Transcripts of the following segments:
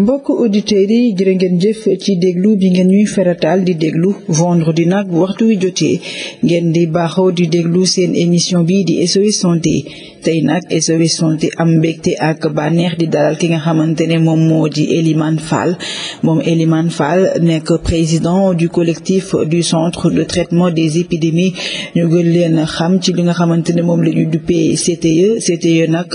mbokk auditeurs yi jërë ngeen jëf ci déglu bi ngeen ñuy feratal di déglu vendredi nag waxtu wi jotee ngeen di baaxoo di déglu seen émission bi di SOS santé tey nag SOS santé am mbégte ak bànneex di dalal ki nga xamante ne moom moo di Elimane Fall moom Elimane Fall nekk président du collectif du centre de traitement des épidémies ñu gën leen xam ci li nga xamante ne moom la ñu duppee CTE CTE nag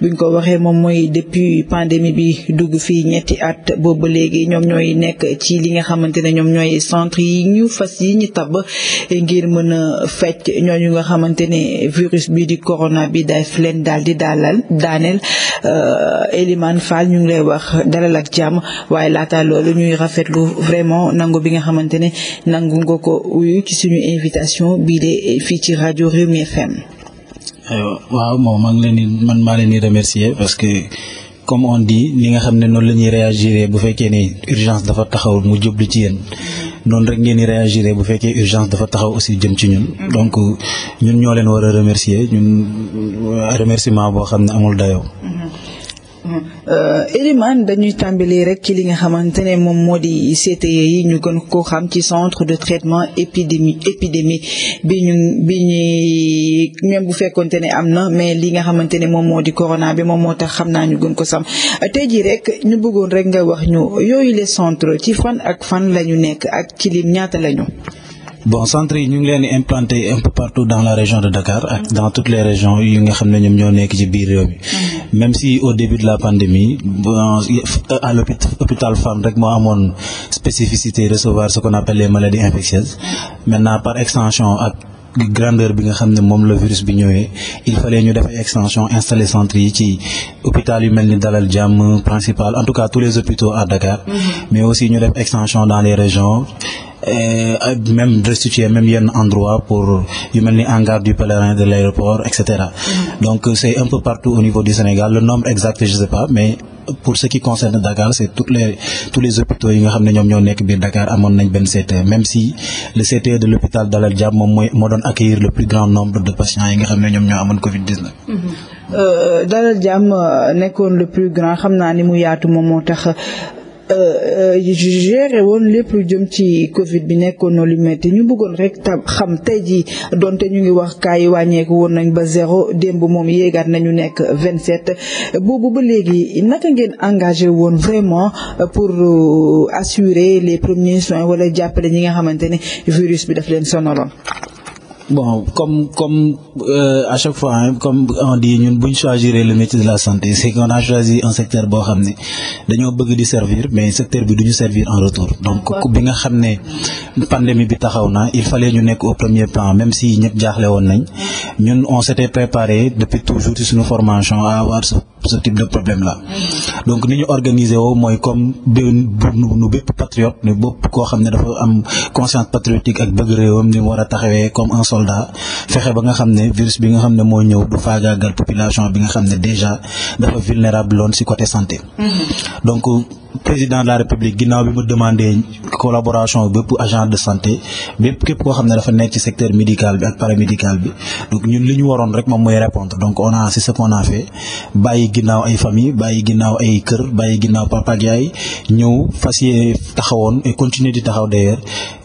buñ ko waxee moom mooy depuis pandémie bi dugg ñetti at boobu ba léegi ñoom ñooy nekk ci li nga xamante ne ñoom ñooy centre yi ñu fas yi ñu tab ngir mën a fecc ñooñu nga xamante ne virus bi di corona bi daf leen daal di daalal daaneel euh, Elimane Fall ñu ngi lay wax dalal ak jàmm waaye laata loolu ñuy rafetlu vraiment nangu bi nga xamante ne nangu nga ko ci suñu invitation bii de fii ci rajo Rewmi FM. Euh, waaw comme on dit ni nga xam ne noonu la ñuy réagir bu fekkee ni urgence dafa taxaw mu jublu ci yéen noonu rek ngeen di réagir bu fekkee urgence dafa taxaw aussi jëm ci ñun. donc ñun ñoo leen war a remercier ñun remerciement boo xam ne amul dayoo. Mm-hmm. Euh, Elimane dañuy tàmbali rek ci li nga xamante ne moom moo di CTE yi ñu gën ko xam ci centre de traitement épidémie épidémie bi ñu bi ñuy même bu fekkonte ne am na mais li nga xamante ne moom moo di corona bi moom moo tax xam naa ñu gën ko sam tey jii rek ñu bëggoon rek nga wax ñu yooyu les centre ci fan ak fan la ñu nekk ak ci lim ñaata lañu ñu. bon centre yi ñu ngi leen di implanté un peu partout dans la région de Dakar ak dans toutes les régions yi nga xam ne ñoom ñoo nekk ci biir réew mi. Mm-hmm. même si au début de la pandémie euh, à l'hôpital Fann rek moo amoon spécificité recevoir ce qu'on appelle les maladies infectieuses maintenant par extension ak grandeur bi nga xam ne moom la virus bi ñëwee il fallait ñu def extension installer centre yi ci hôpital yu mel ni Dalal Jàmm principal en tout cas tous les hôpitaux à Dakar mm-hmm. mais aussi ñu def extension dans les régions euh, ak restituer même yenn endroit pour yu mel ni hangar du pèlerin de l'aéroport et mm-hmm. donc c'est un peu partout au niveau du Sénégal le nombre exact je sais pas mais pour ce qui concerne Dakar c'est toutes les tous les hôpitaux yi nga xam ne ñoom ñoo nekk biir Dakar amoon nañ benn CTE même si le CTE de l'hôpital Dalal Jamm moom mooy moo doon accueillir le plus grand nombre de patients yi nga xam ne ñoom ñoo amoon Covid 19. Euh, Dalal Jamm euh, nekkoon le plus grand xam naa ni mu yaatu moom moo tax. Euh, euh, géré woon lépp lu jëm ci Covid bi nekkoon na lu métti ñu bëggoon rek tam xam tey jii donte ñu ngi wax kaa yi wàññeeku woon nañ ba zéro démb moom yéegaat nañu nekk vingt 27 boobu ba léegi naka ngeen engagé woon vraiment pour euh, assurer les premiers soins wala jàppale ñi nga xamante ne virus bi daf leen sonaloon. bon comme comme euh, à chaque fois comme on dit ñun bu ñu choisir le métier de la santé c'est qu'on a choisi un secteur boo xam ne dañoo bëgg di servir mais secteur bi du ñu servir en retour donc bi nga xam ne pandémie bi taxaw na il fallait ñu nekk au premier plan même si ñëpp jaaxle woon nañ ñun on s'était préparé depuis toujours ci suñu formation à avoir ce type de problème là donc ni ñu organiser woo mooy comme benn nu bépp patriote ni bopp koo xam ne dafa am conscience patriotique ak bëgg réewam ni mu war a taxawee comme un soldat fexe ba nga xam ne virus bi nga xam ne moo ñëw du faagaagal population bi nga xam ne déjà dafa vulnérable loon ci côté santé mm-hmm. donc président de la république ginnaaw bi mu demandé collaboration bépp agent de santé bépp képp koo xam ne dafa nekk ci secteur médical bi ak paramédical a c'est ce qu'on ginnaaw ay famille bàyyi ginnaaw ay kër bàyyi ginnaaw papa ak yaay ñëw fas yee taxawoon continuer di taxaw d'ailleurs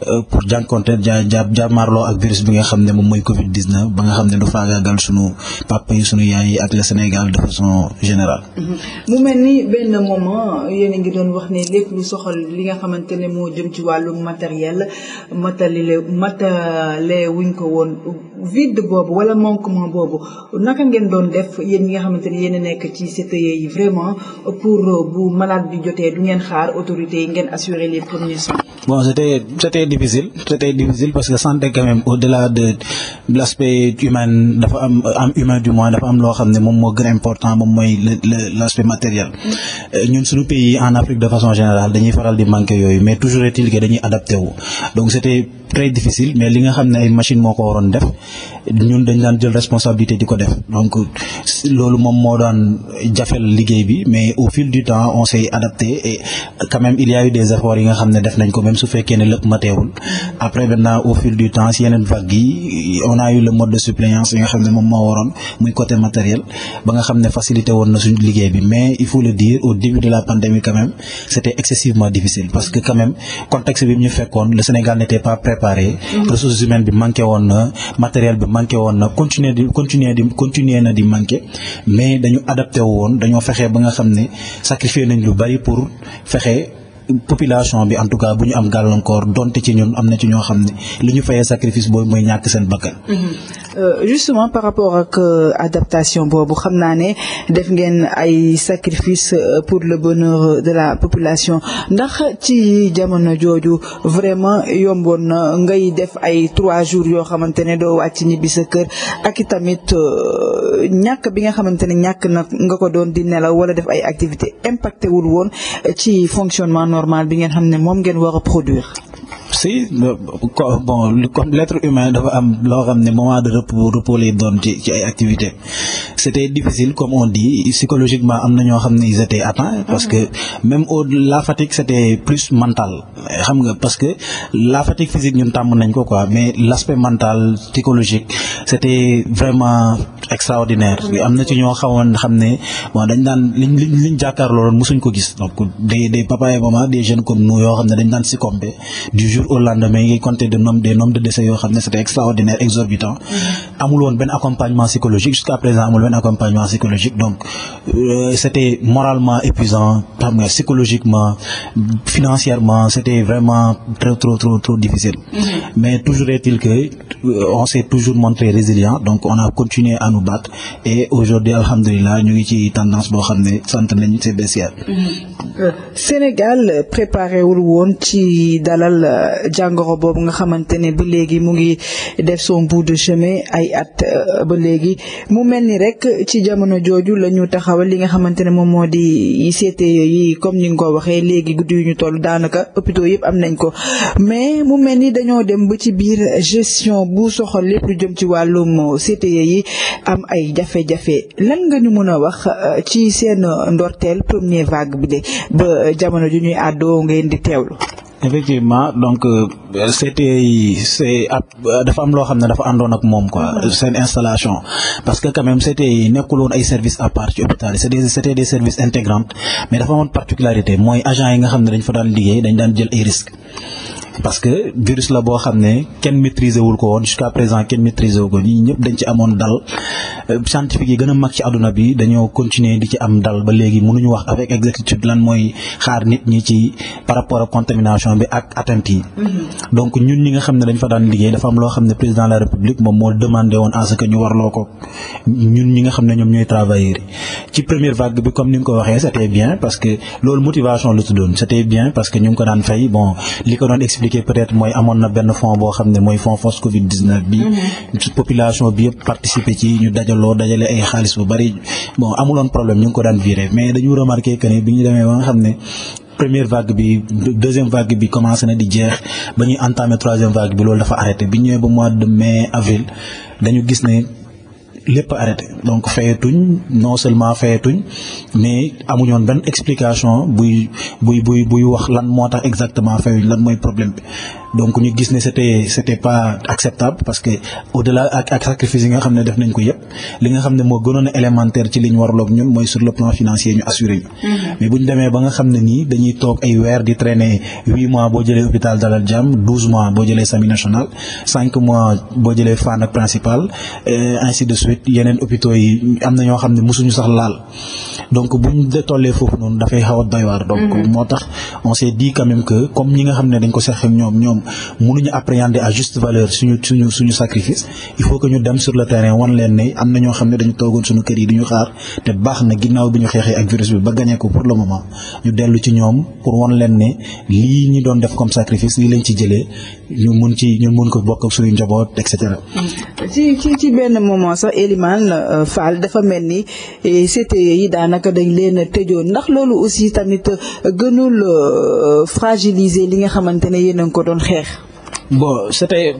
euh, pour jànkonte ja ja jàmmaarloo ak virus bi nga xam ne moom mooy Covid ba nga xam ne du faagaagal sunu papa yi sunu yaay yi ak le Sénégal de façon générale. Mm-hmm. mu mel ni benn moment yéen a ngi doon wax ne lépp lu soxal li nga xamante ne moo jëm ci wàllu matériel matali matale wuñ ko woon vide boobu wala manquement boobu naka ngeen doon def yéen ñi nga xamante a ci CPE yi vraiment pour bu malade bi jotee du ngeen xaar autorités yi ngeen assurer les premiers Bon, c'était, c'était difficile. C'était difficile parce que santé quand même, au-delà de, de l'aspect am, am humain du moins, dafa am loo xam ne moom moo gën a important moom mooy l'aspect matériel. Euh, ñun suñu pays en Afrique de façon générale dañuy faral di manquer yooyu mais toujours est-il que dañuy adapté wu. donc c'était très difficile mais li nga xam ne ay machine moo ko waroon def ñun dañ daan jël responsabilité di ko def donc loolu moom moo daan jafel liggéey bi mais au fil du temps on s'est adapté et quand il y a des xam ne def nañ ko même su fekkee ne lépp mateewul après maintenant au fil du temps yeneen vague yi on a eu mode de suppléance yi nga xam ne moom moo waroon muy côté matériel ba nga xam ne facilité woon na suñu liggéey bi mais il faut le dire au début de la pandémie quand c'était excessivement difficile parce que quand même contexte bi ñu fekkoon le Sénégal n'était pas préparé mm-hmm. ressources humaines bi manqué woon na matériel bi manqué woon na continuer di continuer di continuer population bi en tout cas bu ñu am gàllankoor donte ci ñun am na ci ñoo xam ne li ñu fayee sacrifice boobu mooy ñàkk seen bakkan. Mhm. Euh, justement par rapport ak euh, adaptation boobu xam naa ne def ngeen ay sacrifice euh, pour le bonheur de la population ndax ci jamono jooju vraiment yomboon na ngay def ay trois jours yoo xamante ne doo wàcc ñibbi sa kër ak i tamit ñàkk bi nga xamante ne ñàkk na nga ko doon di nelaw wala def ay activités impacté woon ci fonctionnement normal bi ngeen xam ne moom ngeen war a si bon comme l'être humain dafa am loo xam ne moment de repos repos lay doon ci ci ay activité c'était difficile comme on dit psychologiquement am na ñoo xam ne ils étaient atteints parce que mm-hmm. même au la fatigue c'était plus mental xam nga parce que la fatigue ñun tàmm nañ ko quoi mais l'aspect mental psychologique c'était vraiment extraordinaire mm-hmm. am na ci ñoo xawoon xam ne bon dañ daan liñ liñ liñ jàkkaarloo loon mosuñ ko gis donc des des papa et comme nous yoo xam ne dañ daan succomber du jour au lendemain ngay compter de nombre des nombres de décès yoo xam ne c'était extraordinaire exorbitant mm-hmm. amul woon benn accompagnement psychologique jusqu'à présent amul benn accompagnement psychologique donc euh, c'était moralement épuisant psychologiquement financièrement c'était vraiment trop trop trop difficile mm-hmm. mais toujours est-il que Euh, on s'est toujours montré résilient donc on a continué à nous battre et aujourd'hui alhamdulilah ñu ngi ci tendance boo xam ne sant nañ c'est euh, Sénégal préparé wul woon ci dalal euh, jàngoro boobu nga xamante ne ba léegi mu ngi def son bout de chemin ay at ba léegi mu mel ni rek ci jamono jooju lañu taxawal li nga xamante ne moom moo di CTE yi comme ni nga ko waxee léegi guddi yu ñu toll daanaka hôpitaux yëpp am nañ ko mais mu mel ni dañoo dem ba ci biir gestion. bu soxal lépp lu jëm ci wàllum CTE yi am ay jafe lan nga ñu mën a wax euh, ci seen ndorteel première vague bi de ba jamono ju ñuy àddoo ngeen di teewlu. effectivement donc euh, CTE yi c'est ab euh, dafa am loo xam ne dafa àndoon ak moom quoi seen installation parce que quand même CTE yi nekkul woon ay service à part ci hôpital yi c'est des c'était des services mais dafa amoon particularité mooy agents yi nga xam ne dañ fa daan liggéey dañ daan jël ay risques. parce que virus la boo xam ne kenn maîtriser wul ko woon jusqu'à présent kenn maîtriser wu ko ni ñëpp dañ ci amoon dal euh, scientifique yi gën a mag ci àdduna bi dañoo continuer di ci am dal ba léegi ñu wax avec exactitude lan mooy xaar nit ñi ci par rapport a contamination bi ak attent yi. Mm-hmm. donc ñun ñi nga xam ne dañ fa daan liggéey dafa am loo xam ne président de la république moom moo demandé woon à ce que ñu warloo ko ñun ñi nga xam ne ñoom ñooy bi comme ni nga ko waxee c'était bien parce que loolu motivation la tuddoon c'était bien parce que ñu ngi ko daan fay bon expliquer peut-être mooy amoon na benn fonds boo xam ne mooy fonds force Covid 19 bi. Mm-hmm. population bi yëpp participer ci ñu dajaloo dajale ay xaalis bu bari bon amuloon problème ñu ngi ko daan virer mais dañu remarquer que ne bi ñu demee ba nga xam ne. première vague bi deuxième vague bi commencé na di jeex ba ñuy entamer troisième vague bi loolu dafa arrêté bi ñëwee ba mois de mai avril dañu gis ne lépp arrêté donc fayetuñ non seulement fayetuñ mais amuñoon benn explication buy buy buy buy wax lan moo tax exactement fayuñ lan mooy problème bi donc ñu gis ne c'était c'était pas acceptable parce que au-delà ak ak sacrifice yi nga xam ne def nañ ko yëpp li nga xam ne moo gënoon a élémentaire ci li ñu warloog ñun mooy sur le plan financier ñu assuré ñu mm-hmm. mais bu ñu demee ba nga xam ne nii dañuy toog ay weer di traîner huit mois boo jëlee hôpital Dalal Jàmm douze mois boo jëlee Sami National cinq mois boo jëlee Fann ak principal ainsi de suite yeneen hôpitaux yi am na ñoo xam ne mosuñu sax laal donc bu ñu tollee foofu noonu dafay xaw a donc mhm. moo tax on s'est dit comme ñi nga xam ne dañ ko seq ñoom ñoom mënuñu appréhender à juste valeur suñu sacrifice il faut que ñu dem sur le terrain wan leen ne am na ñoo xam ne dañu toogoon suñu kër yi du xaar te baax na ginnaaw bi ñu xeexee ak virus bi ba gagné ko pour le moment ñu dellu ci ñoom pour wan leen ne lii ñu doon def comme sacrifice lii lañ ci jëlee ñu mun ci ñu mun ko bokk ak suñu njaboot et cetera. ci ci ci benn daanaka dañ leen a tëjoon ndax loolu aussi tamit euh, gënul euh, fragiliser li nga xamante ne yéen a ngi ko doon xeex. bon c'était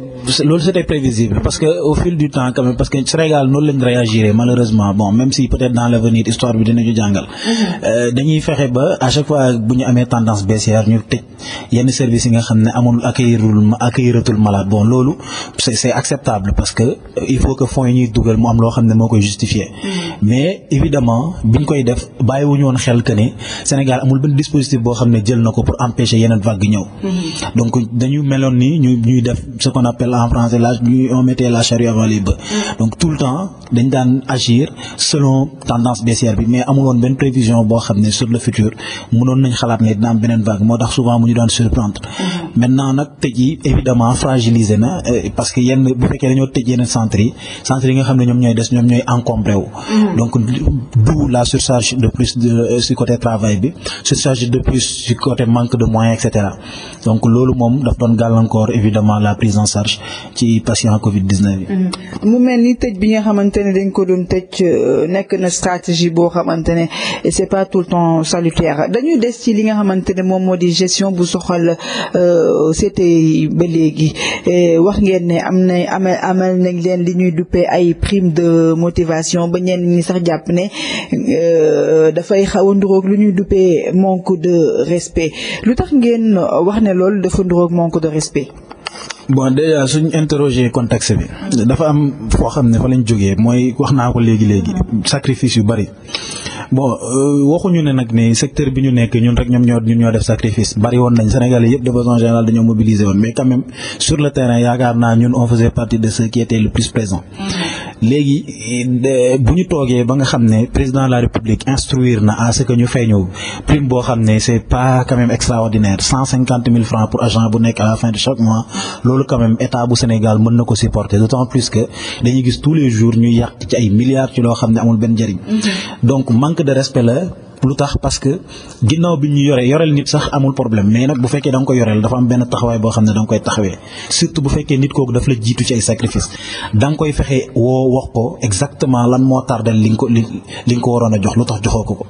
loolu c'était prévisible parce que au fil du temps parce que Sénégal noonu lañ réagiré malheureusement bon même si peut-être dans l'avenir histoire bi dinañu jàngal mm-hmm. euh, dañuy fexe ba à chaque fois bu ñu amee tendance baissière ñu tëj yenn service yi nga xam ne amul accueillirul accueilliratul malade bon loolu c'est c'est acceptable parce que il faut que fonds yi ñuy dugal mu am loo xam ne moo koy justifier mm-hmm. mais évidemment biñ koy def bàyyiwuñu woon xel que ne Sénégal amul benn dispositif boo xam ne jël na ko pour empêcher yeneen vague ñëw mm-hmm. donc dañu ni appelle en français la ñuy on mettait la charrue avant les mm. donc tout le temps dañ daan agir selon tendance baissière bi mais amul benn prévision boo xam ne sur le futur mënoon nañ mm. nag tëj yi évidemment fragilisé na euh, parce que yenn bu fekkee dañoo tëj yenn centres yi centres yi nga xam ne ñoom ñooy des ñoom ñooy encombré mm. donc d'où la surcharge de plus de euh, si côté travail bi surcharge de plus si côté manque de moyens et donc loolu moom daf doon gàllankoor évidemment la ci patient Covid 19 yi. Mm-hmm. ni tëj bi nga xamante ne dañ ko doon tëj euh, nekk na stratégie boo xamante ne c'est pas tout le temps salutaire dañuy des ci li nga xamante ne moom moo di gestion bu soxal euh, c'était ba léegi wax ngeen ne am na amal amal nañ leen li ñuy duppee ay prime de motivation ba ñenn ñi sax jàpp ne euh, dafay xawa a nduroog lu ñuy duppee manque de respect lu tax ngeen wax ne loolu dafa nduroog manque de respect. bon déjà suñ interroger contexte bi dafa am foo xam ne fa lañ jógee mooy wax naa ko léegi léegi sacrifice yu bari bon euh, waxuñu ne nag ne secteur bi ñu nekk ñun rek ñoom ñoo ñun def sacrifice bari woon nañ Sénégalais yëpp de façon générale dañoo mobiliser woon mais quand même sur le terrain yaakaar naa ñun on faisait partie de ceux le plus présents. Mm-hmm. léegi bu ñu toogee ba nga xam ne président de la république instruire na à ce ñu fay ñu prime boo xam ne c'est pas quand même extraordinaire cent cinquante mille francs pour agent bu nekk à la fin de chaque mois loolu quand même état bu Sénégal mën na ko supporter d'autant plus que dañuy gis tous les jours ñu yàq ci ay milliards ci loo xam ne amul benn njëriñ mm-hmm. donc manque de respect la lu tax parce que ginnaaw bi ñu yoree yoreel nit sax amul problème mais nag bu fekkee da nga ko yoreel dafa am benn taxawaay boo xam ne da nga koy taxawee surtout bu fekkee nit kooku daf la jiitu ci ay sacrifice da koy fexe woo wax ko exactement lan moo tardel li nga ko li nga ko waroon a jox lu tax joxoo ko ko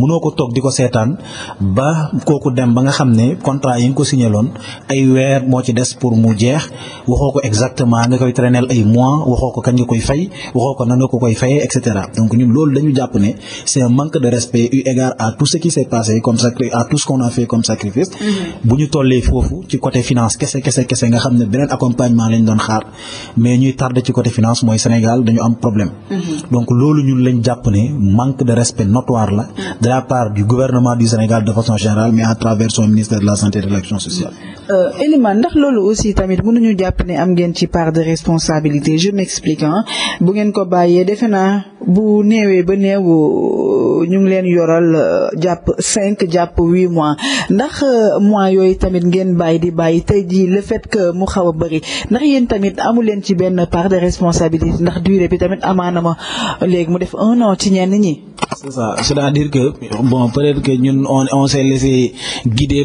mënoo ko toog di ko seetaan ba kooku dem ba nga xam ne contrat yi nga ko signé loon ay weer moo ci des pour mu jeex waxoo ko exactement nga koy traîner ay mois waxoo ko kañ nga koy fay waxoo ko nan ko koy fayee et cetera loolu dañu jàpp ne c'est manque égard à tout ce qui s'est passé comme a sacrifice mm-hmm. bu ñu tollee foofu ci côté finance kese kese nga xam ne beneen accompagnement lañ doon xaar mais ñuy tardé ci côté finance mooy Sénégal dañu am problème mm-hmm. donc loolu ñun lañ jàpp ne manque de respect notoire la mm-hmm. de la part du gouvernement du Sénégal de façon générale mais à travers son ministère de la santé de l'action sociale euh, Elimane ndax loolu aussi tamit mënuñu jàpp ne am ngeen ci part de responsabilité tollool euh, jàpp cinq jàpp huit mois ndax euh, mois yooyu tamit ngeen bàyyi di bàyyi tey jii le fait que mu xaw a bëri ndax yéen tamit amu leen ci benn part de responsabilité ndax durée bi tamit amaana ma léegi mu def un an ci ñenn ñi. c'est à dire que bon peut-être que ñun on on s'est laissé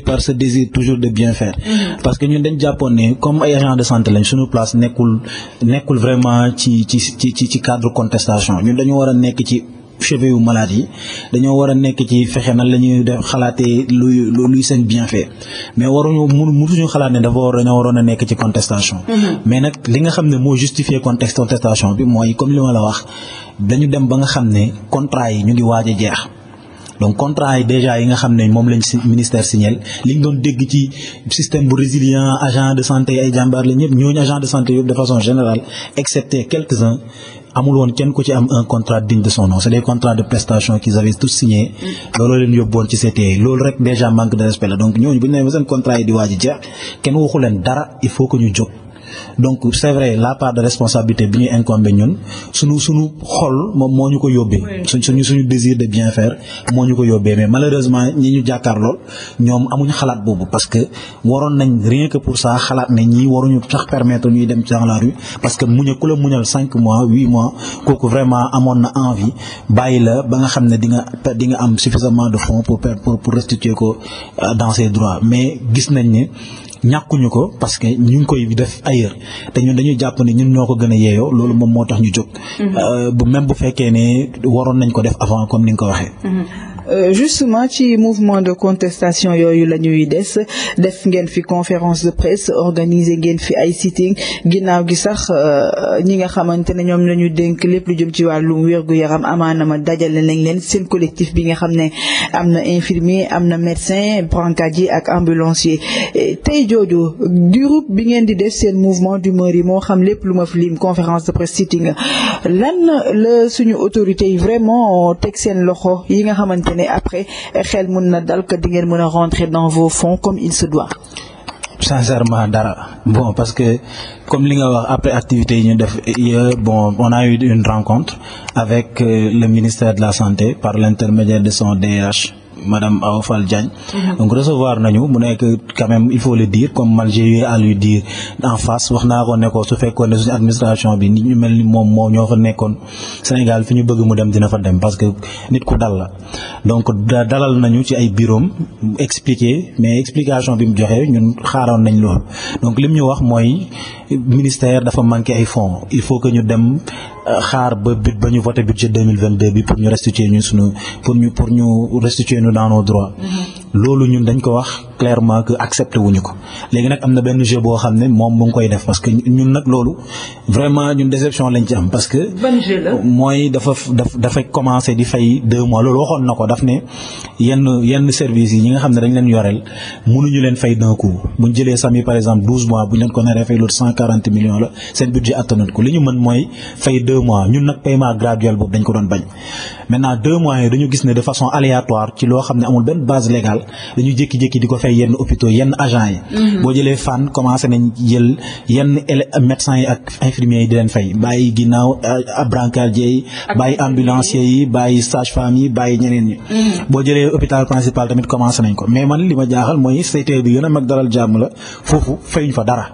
par ce désir toujours de bien faire. Mm-hmm. parce que ñun dañ jàppoon ne comme ay de santé lañ suñu place nekkul nekkul vraiment ci ci ci ci cadre contestation ñun dañu war a nekk ci. chevet yu malade yi dañoo war a nekk ci fexe nan la ñuy def xalaatee luy luy seen bienfait mais waruñu mun mënuñu xalaat ne dafa war dañoo waroon a nekk ci contestation. Mm-hmm. mais nag li nga xam ne moo justifier contexte contestation bi mooy comme li ma la wax dañu dem ba nga xam ne contrat yi ñu ngi waaj a jeex. donc contrat yi déjà yi nga xam ne moom lañ si ministère signal li ñu doon dégg ci système bu résilient agent de santé ay jàmbaar la ñëpp ñooñu agent de santé yëpp de façon générale excepté quelques-uns amul woon kenn ku ci am un contrat digne de son nom c'est de prestation qu'ils avaient tous signés mm. loolu leen yóbboon ci CTI e. loolu rek déjà manque de respect la donc ñooñu bu nee seen contrat yi di waaj a jeex kenn waxu leen dara il faut que ñu jóg donc c'est vrai la part de responsabilité bi ñuy incombé ñun suñu suñu xol moom moo ñu ko yóbbee suñ suñu suñu désir de bien moo ñu ko yóbbee mais malheureusement ñi ñu jàkkaar lool ñoom amuñ xalaat boobu parce que waroon nañ rien que pour ça xalaat ne ñi waruñu sax permettre ñuy dem dans la rue parce que muña ku la muñal cinq mois huit mois kooku vraiment amoon na envie bàyyi la ba nga xam ne di nga di nga am suffisamment de fonds pour pour pour restituer ko euh, dans ses droits mais gis nañ ñàkkuñu ko parce que ñu ngi koy def ailleurs te ñun dañuy jàpp ne ñun ñoo ko gën a yeeyoo loolu moom moo tax ñu jóg mhm. euh, bu même bu fekkee ne waroon nañ ko def avant comme ni ko waxee mhm. Euh, justement ci mouvement de contestation yooyu la ñuy des def ngeen fi conférence de presse organiser ngeen fi ay sitting ginnaaw gi sax euh, ñi nga xamante ne ñoom la ñu dénk lépp lu jëm ci wàllum wérgu yaram amaana ma dajale nañ leen seen collectif bi nga xam ne am na infirmier am na médecin brancardier ak ambulancier tey jooju groupe bi ngeen di def seen mouvement d'humeur yi xam lépp lu ma fi lim conférence de presse sitting lan la suñu autorité yi vraiment teg seen loxo yi nga ne après xel mun na dal que di ngeen mën a rentrer dans vos fonds comme il se doit. sincèrement dara bon parce que comme li nga wax après activité yi ñu def bon on a eu une rencontre avec euh, le ministère de la santé par l'intermédiaire de son DRH. madame Awa Fall Diagne. Mhm. donc recevoir nañu mu nekk quand même il faut le dire comme man j'ai eu à diir dire en face wax naa ko ne su fekkoon ne suñu administration bi nit ñu mel ni moom moo ñoo fa nekkoon Sénégal fi ñu bëgg mu dem dina fa dem parce que nit ku dal la donc dalal nañu ci ay bureau expliquer mais explication bi mu joxee ñun xaaroon nañ loolu donc lim ñu wax mooy ministère dafa manqué ay fonds il faut que ñu dem. xaar ba but ba ñu voté budget 2022 bi pour ñu restituer ñu sunu pour ñu pour ñu restituer ñu dans nos droits mm-hmm. loolu ñun dañ ko wax clairement que accepté wuñu ko léegi nag am na benn jeu boo xam ne moom mu ngi koy def parce que ñun nag loolu vraiment ñun déception lañ ci am parce que. ban mooy dafa daf dafay commencé di fay deux mois na ko daf ne yenn yenn services yi ñi nga ne dañ leen yoreel mënuñu leen fay d'un ñu jëlee sami par mois bu ñu leen ko naree fay loolu ñu mën mooy fay deux mois ñun nag paiement graduel boobu dañ ko doon bañ maintenant deux mois yi dañu gis ne de façon aléatoire ci loo xam ne amul benn base légale. hôpital dañu jékki-jékki di ko fay yenn hôpitaux yenn agent yi mhm. boo jëlee Fann commencé nañ jël yenn médecins yi ak infirmiers yi di leen fay bàyyi ginnaaw euh, brancardier yi bàyyi ambulancier yi bàyyi sage-femme yi bàyyi ñeneen ñi mhm. boo jëlee hôpital principal tamit commencé nañ ko mais man li ma jaaxal mooy sayteer bi gën a mag dalal jàmm la foofu fayuñ fa dara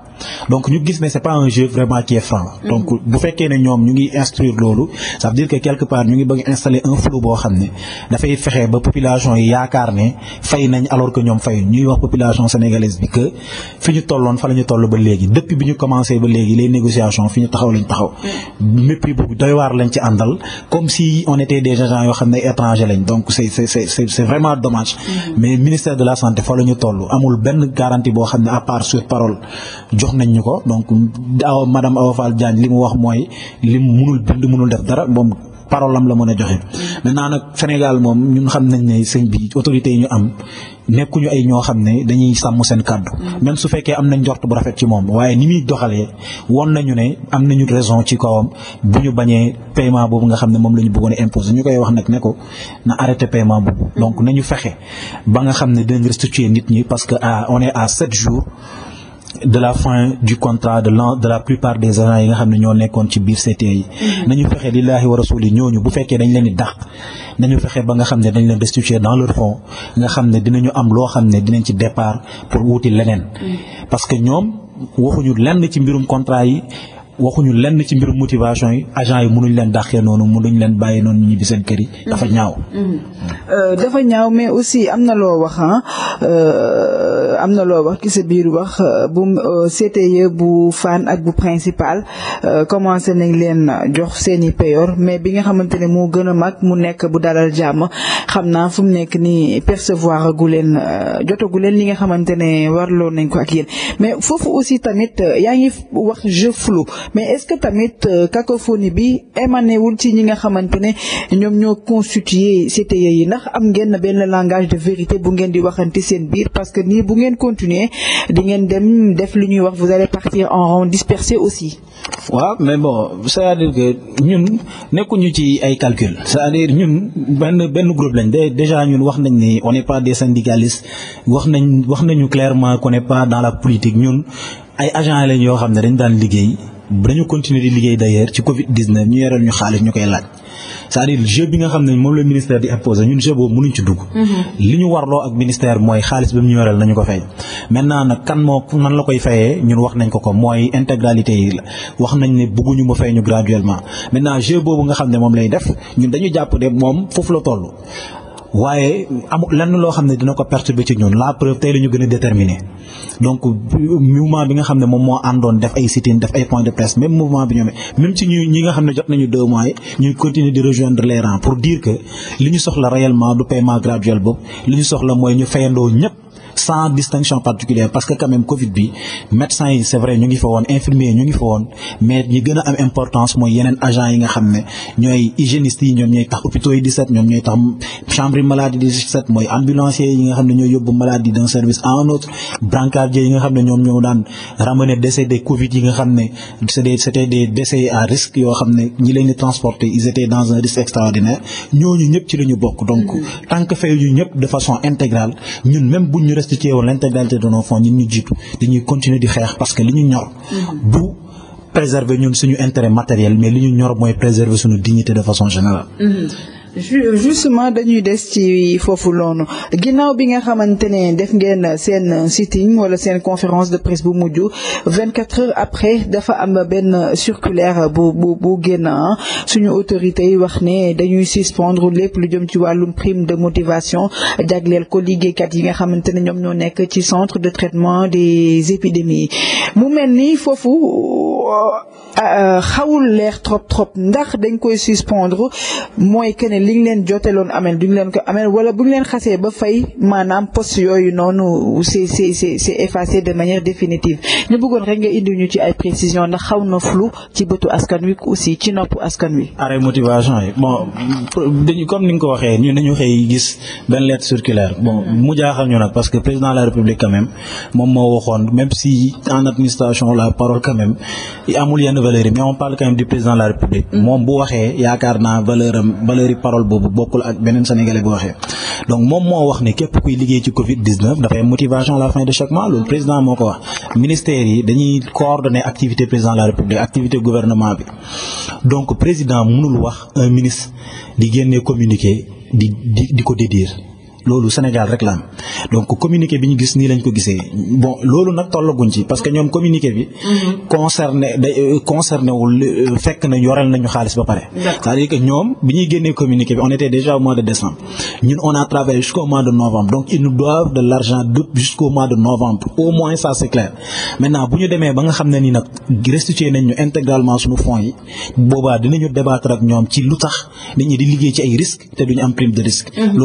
donc ñu gis ne c'est pas un jeu vraiment qui est franc mm-hmm. donc bu fekkee ne ñoom ñu ngi instruire loolu ça veut dire que quelque part ñu ngi bëgg installer un flou boo xam ne dafay fexe ba population yi yaakaar ne fay nañ alors que ñoom fay ñuy wax population sénégalaise bi que fi ñu tolloon fa la toll ba léegi depuis bi ñu commencé ba léegi les négociations fi ñu taxaw lañ taxaw mm-hmm. mépris boobu doy waar lañ ci àndal comme si on était des gens yoo xam ne mm-hmm. la santé fa la ñu toll jox ko donc aw madame Awa Fall Diagne li mu wax mooy li mu munul bind munul def dara moom parole am la mën a joxe. maintenant nag Sénégal moom ñun xam nañ ne sëñ bi autorité yi ñu am nekkuñu ay ñoo xam ne dañuy sàmm seen kàddu. Mm. même su fekkee am nañ njort bu rafet ci moom waaye ni muy doxalee woon nañu ne am nañu raison ci kawam bu ñu bañee paiement boobu nga xam ne moom la ñu bëggoon a ñu koy wax nag ne ko na arrêté paiement boobu. Mm. donc nañu fexe ba nga xam ne dinañ restituer nit ñi parce que à ah, on à sept jours. de la fin du contrat de la plupart des agents yi nga xam ne ñoo nekkoon ci biir CTE yi mm-hmm. nañu fexe lillaahi wa rasuli ñooñu bu fekkee dañ leen di dàq nañu fexe ba nga xam ne dañ leen restituer dans leur fonds nga xam ne dinañu am loo xam ne dinañ ci départ pour wuti leneen mm-hmm. parce que ñoom waxuñu lenn ci mbirum contrat yi waxuñu lenn ci mbirum motivation yi agent yi mënuñ leen dàqee noonu mënuñ leen bàyyi noonu ñibbi seen kër yi. dafa mm-hmm. ñaaw. Mm-hmm. Euh, dafa ñaaw mais aussi am na loo wax euh, am na loo wax ci sa biir wax euh, bu CTE bu Fann ak bu principal commencé nañ leen jox seen i mais bi nga xamante ne moo gën a mag mu nekk bu dalal jàmm xam naa fu mu nekk nii percevoir gu leen jotagu leen li nga xamante ne warloo nañ ko ak yéen mais foofu aussi tamit yaa ngi wax jeu flou mais est-ce que tamit euh, cacophonie bi émané wul ci ñi nga xamante ne ñoom ñoo constitué CTI yi ndax am ngeen benn langage de vérité bu ngeen di waxante seen biir parce que nii bu ngeen continuer di ngeen dem def lu ñuy wax vous allez partir en rond dispersé aussi. waaw mais bon c'est-à-dire que ñun nekkuñu ci ay calcul c'est-à-dire ñun benn benn groupe lañ déjà ñun wax nañ ne on n'est pas des syndicalistes wax nañ wax nañu clairement qu'on n'est pas dans la politique ñun ay agent lañ yoo xam ne dañ daan liggéey. dañu continuer di liggéey d'ailleurs ci Covid 19 ñu yoreel ñu xaalis ñu koy laaj cest à jeu bi nga xam ne moom la ministère di imposer ñun jeu boobu mënuñ ci dugg. Mm-hmm. li ñu warloo ak ministère mooy xaalis bi mu ñu yoreel nañu ko fay. maintenant nag kan moo nan la koy fayee ñun wax nañ ko ko mooy intégralité yi la wax nañ ne bëgguñu mu fay ñu graduellement maintenant jeu boobu nga xam ne moom lay def ñun dañu jàpp de moom foofu la toll. waaye amul lenn loo xam ne dina ko perturber ci ñun la preuve tey la gën a déterminé donc mouvement bi nga xam ne moom moo àndoon def ay sit-in def ay point de presse même mouvement bi ñoom même ci ñu ñi nga xam ne jot nañu deux mois yi ñuy continuer di rejoindre les pour dire que li ñu soxla réellement du paiement graduel boobu li ñu soxla mooy ñu fayandoo ñëpp. sans distinction particulière parce que quand même Covid bi médecins yi c'est ñu ngi fa woon infirmiers yi ñu ngi fa woon mais ñi gën a am importance mooy yeneen agents yi nga xam ne ñooy hygiénistes yi ñoom ñooy tax hôpitaux yi di set ñoom ñooy tax chambre yi malade di set mooy ambulanciers yi nga xam ne ñooy yóbbu malade yi d'un service à un autre brancardiers xam ne ñoom ñoo daan ramener décès des Covid yi nga xam ne c'est des c'était des décès à risque yoo xam ne ñi leen di transporter ils étaient dans un risque extraordinaire ñooñu ñëpp ci la ñu bokk donc mm-hmm. tant que fay ñu ñëpp de restituer woon l'intégralité de nos continuer di xeex parce que li ñu ñor bu mm-hmm. préserver ñun suñu intérêt matériel mais li ñu ñor mooy préserver suñu dignité de façon générale mm-hmm. justement dañuy des ci foofu loonu ginnaaw bi nga xamante ne def ngeen seen sitting wala seen conférence de presse bu mujj 24 heures après dafa am benn circulaire bu bu bu génn ah. suñu autorités yi wax ne dañuy suspendre lépp lu jëm ci wàllum prime de motivation jagleel ko liggéeykat yi nga xamante ne ñoom ñoo nekk ci centre de traitement des épidémies mu mel ni Euh, xawul leer trop trop ndax dañ koy suspendre mooy que ne liñ leen joteloon amel duñ leen ko amel wala buñ leen xasee ba fay maanaam post yooyu noonu si si c'est effacé de manière définitive ñu bëggoon rek nga indi ñu ci ay précision ndax xaw na flou ci bëtu askan wi aussi ci nopp askan wi. arrêt motivation yi bon dañu comme ni nga ko waxee ñun dañu xëy gis benn lettre circulaire bon mu jaaxal ñu nag parce que président de la république quand moom moo waxoon même si en administration la parole quand amul yenn valeur yi mais on parle quand même du président de la république mm. moom bu waxee yaakaar naa valeur am valeur parole boobu bokkul ak beneen sénégalais bu waxee donc moom moo wax ne képp kuy liggéey ci covid 19 dafay motivation à la fin de chaque mois loolu président moo ko wax ministère yi dañuy coordonner activité président de la république activité gouvernement bi donc président mënul wax un ministre di génnee communiqué di di di ko dédire loolu Sénégal rek la donc communiqué bi ñu gis nii lañ ko gisee bon loolu nag tollaguñ ci parce que ñoom communiqué bi. Mhm. concerné day euh, concerné wul euh, fekk na yorel nañu xaalis ba pare. c'est-à-dire que ñoom bi ñuy génnee communiqué bi on était déjà au mois de décembre ñun on a travaillé jusqu'au mois de novembre donc ils nous doivent de l'argent jusqu'au mois de novembre au moins ça c'est clair maintenant bu ñu demee ba nga xam ne nii nag restitué nañ ñu intégralement suñu fonds yi boobaa dinañu débattre ak ñoom ci lu tax nit ñi di liggéey ci ay risques te duñu am prime de risque. Mhm.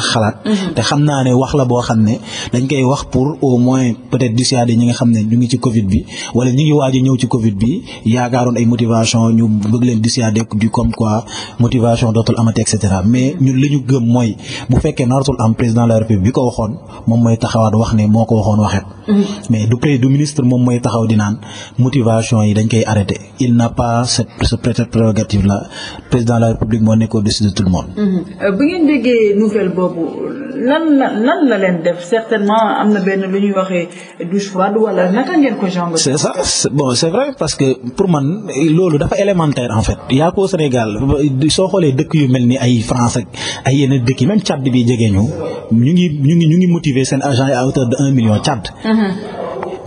sax xalaat. Mhm. te xam naa ne wax la boo xam ne dañ koy wax pour au moins peut-être dissuader ñi nga xam ne ñu ngi ci Covid bi wala ñu ngi waaj a ñëw ci Covid bi yaakaaroon ay motivation ñu bëgg leen dissuader du comme quoi motivation dootul amati et cetera mais ñun li ñu gëm mooy bu fekkee naratul am président de la république bi ko waxoon moom mooy taxawaat wax ne moo ko waxoon waxet mais du pré du moom mooy taxaw di naan motivation yi dañ koy arrêté il n'a pas cette cette prérogative là président de la république moo nekkoo au-dessus de tout le monde. Mm-hmm. Euh, bu ngeen déggee nouvelle boobu lan la lan la leen def certainement am na benn lu ñuy waxee douche froide wala naka ngeen ko jàngatee. c'est ça bon c'est vrai parce que pour man loolu dafa élémentaire en fait yaa ko Sénégal soo xoolee dëkk yu mel ni ay France ay yeneen dëkk yi même Tchad bi jege ñu ñu ngi ñu ngi ñu ngi motiver seen agent yi à hauteur un million Tchad. Mm-hmm.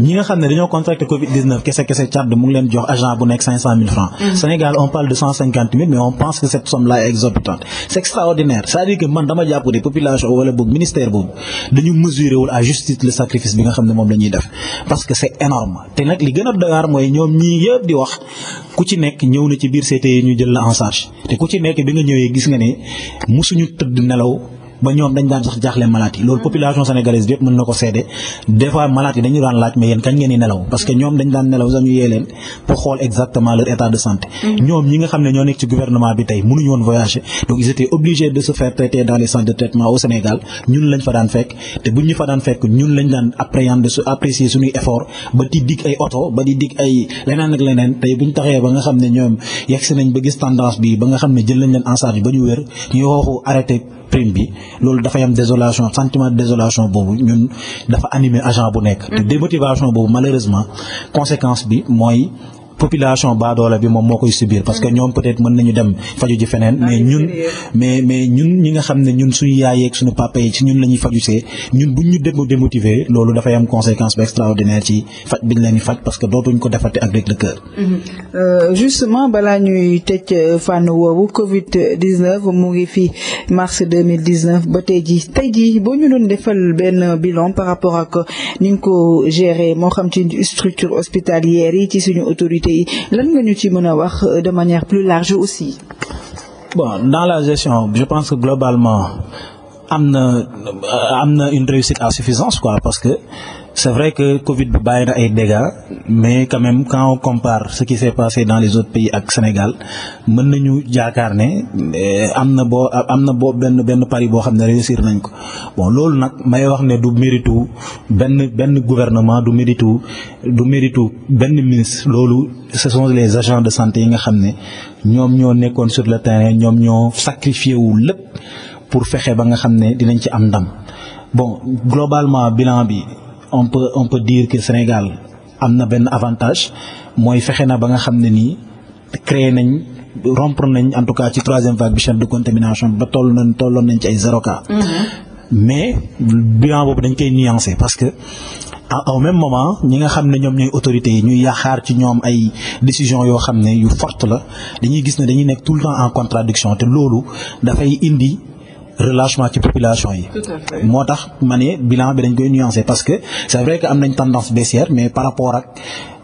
ñi nga xam ne dañoo contracté Covid 19 kese kese Tchad mu ngi leen jox agent bu nekk 500000 francs. Mhm. Sénégal on parle de 150.000 mais on pense que cette somme là est exorbitante c'est extraordinaire c'est-à-dire que man dama jàpp ne population wala boog ministère boobu dañu mesurer à justice le sacrifice bi nga xam ne moom lañuy def parce que c'est énorme te nag li gën a doy mooy ñoom ñii yëpp di wax ku ci nekk ñëw na ci biir CTE ñu jël la ensage te ku ci nekk bi nga ñëwee gis nga ne musuñu tëdd nelaw. ba ñoom dañ daan sax jaaxle malade yi loolu mm-hmm. population sénégalaise bi yëpp mën na ko seede des fois malade yi dañu daan laaj mais yéen kañ ngeen di nelaw parce que ñoom dañ daan nelaw sax ñu yee mm-hmm. ne ñoo nekk ci gouvernement bi tey mënuñu woon voyager donc te buñ ñu ñun lañ daan appréhender su apprécier suñuy effort ba di leneen tey buñ taxee ba nga xam ne ñoom yegg si nañ ba gis tendance bi ba nga xam ne jël nañ leen en charge ba ñu wér ñu waxu arrêté prime bi loolu dafay am désolation sentiment de désolation boobu ñun dafa animer agent bu nekk mm-hmm. te démotivation boobu malheureusement conséquence bi mooy population baadoole bi moom moo koy subir parce que mm-hmm. ñoom peut-être mën nañu dem faju ji feneen mais ñun mais ñun ñi nga xam ne ñun suñu yaayeeg suñu papa ci ñun la ñuy fajusee ñun buñ ñu dém loolu dafay am conséquence bu extraordinaire ci faj bi ñu faj parce que dootuñ ko defate avec le cœur mm-hmm. euh, justement balaa ñuy tëj euh, fànn woowu Covid mu ngi fi mars ba tey ji tey ñu doon defal benn bilan par rapport ak ni ko gérer moo xam ci structure société yi lan nga ñu ci mën a wax euh, de manière plus large aussi. bon dans la gestion je pense que globalement am na euh, am na une réussite à suffisance quoi parce que. C'est vrai que Covid bi bàyyi na ay dégâts mais quand même quand compare ce qui s'est passé dans les autres pays ak Sénégal mën nañu jaakaar ne eh, am na boo am na boo benn benn pari boo xam ne réussir nañ ko bon loolu nag may wax ne du méritu benn benn gouvernement du méritu du méritu benn ministre loolu ce sont les agents de santé yi nga xam ne ñoom ñoo nekkoon sur le terrain ñoom ñoo sacrifié wu lépp pour fexe ba nga xam ne dinañ ci am ndam bon globalement bilan bi. on peut on peut dire que Sénégal am na benn avantage mooy fexe na ba nga xam ne nii créé nañ rompre nañ en tout cas ci troisième vague bi chaîne de contamination ba toll nañ tolloon ci ay zéro cas. Mm-hmm. mais bilan boobu dañ koy nuancer parce que au même moment ñi nga xam ne ñoom ñooy autorité yi ñuy yaxaar ci ñoom ay décision yoo xam ne yu forte la dañuy gis ne dañuy nekk tout le temps en contradiction te loolu dafay indi. relâchement ci population yi. moo tax ma ne bilan bi dañ koy nuancer parce que c'est vrai que am nañ tendance baissière mais par rapport ak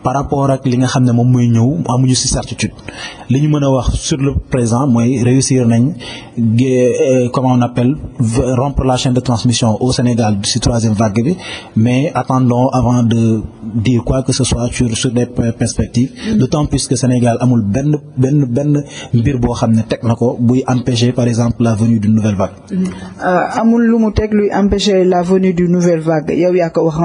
par rapport ak li nga xam ne moom mooy ñëw amuñu ci certitude li ñu mën a wax sur le présent mooy réussir nañ euh, comment on appelle rompre la chaîne de transmission au Sénégal ci troisième vague bi mais attendons avant de dire quoi que ce soit sur sur des perspectives mm-hmm. d'autant plus que Sénégal amul benn benn benn mbir boo xam ne teg na ko buy empêcher par exemple la venue d'une nouvelle vague mm-hmm. euh, amul lu mu teg luy empêcher la venue d'une nouvelle vague yow yaa ko wax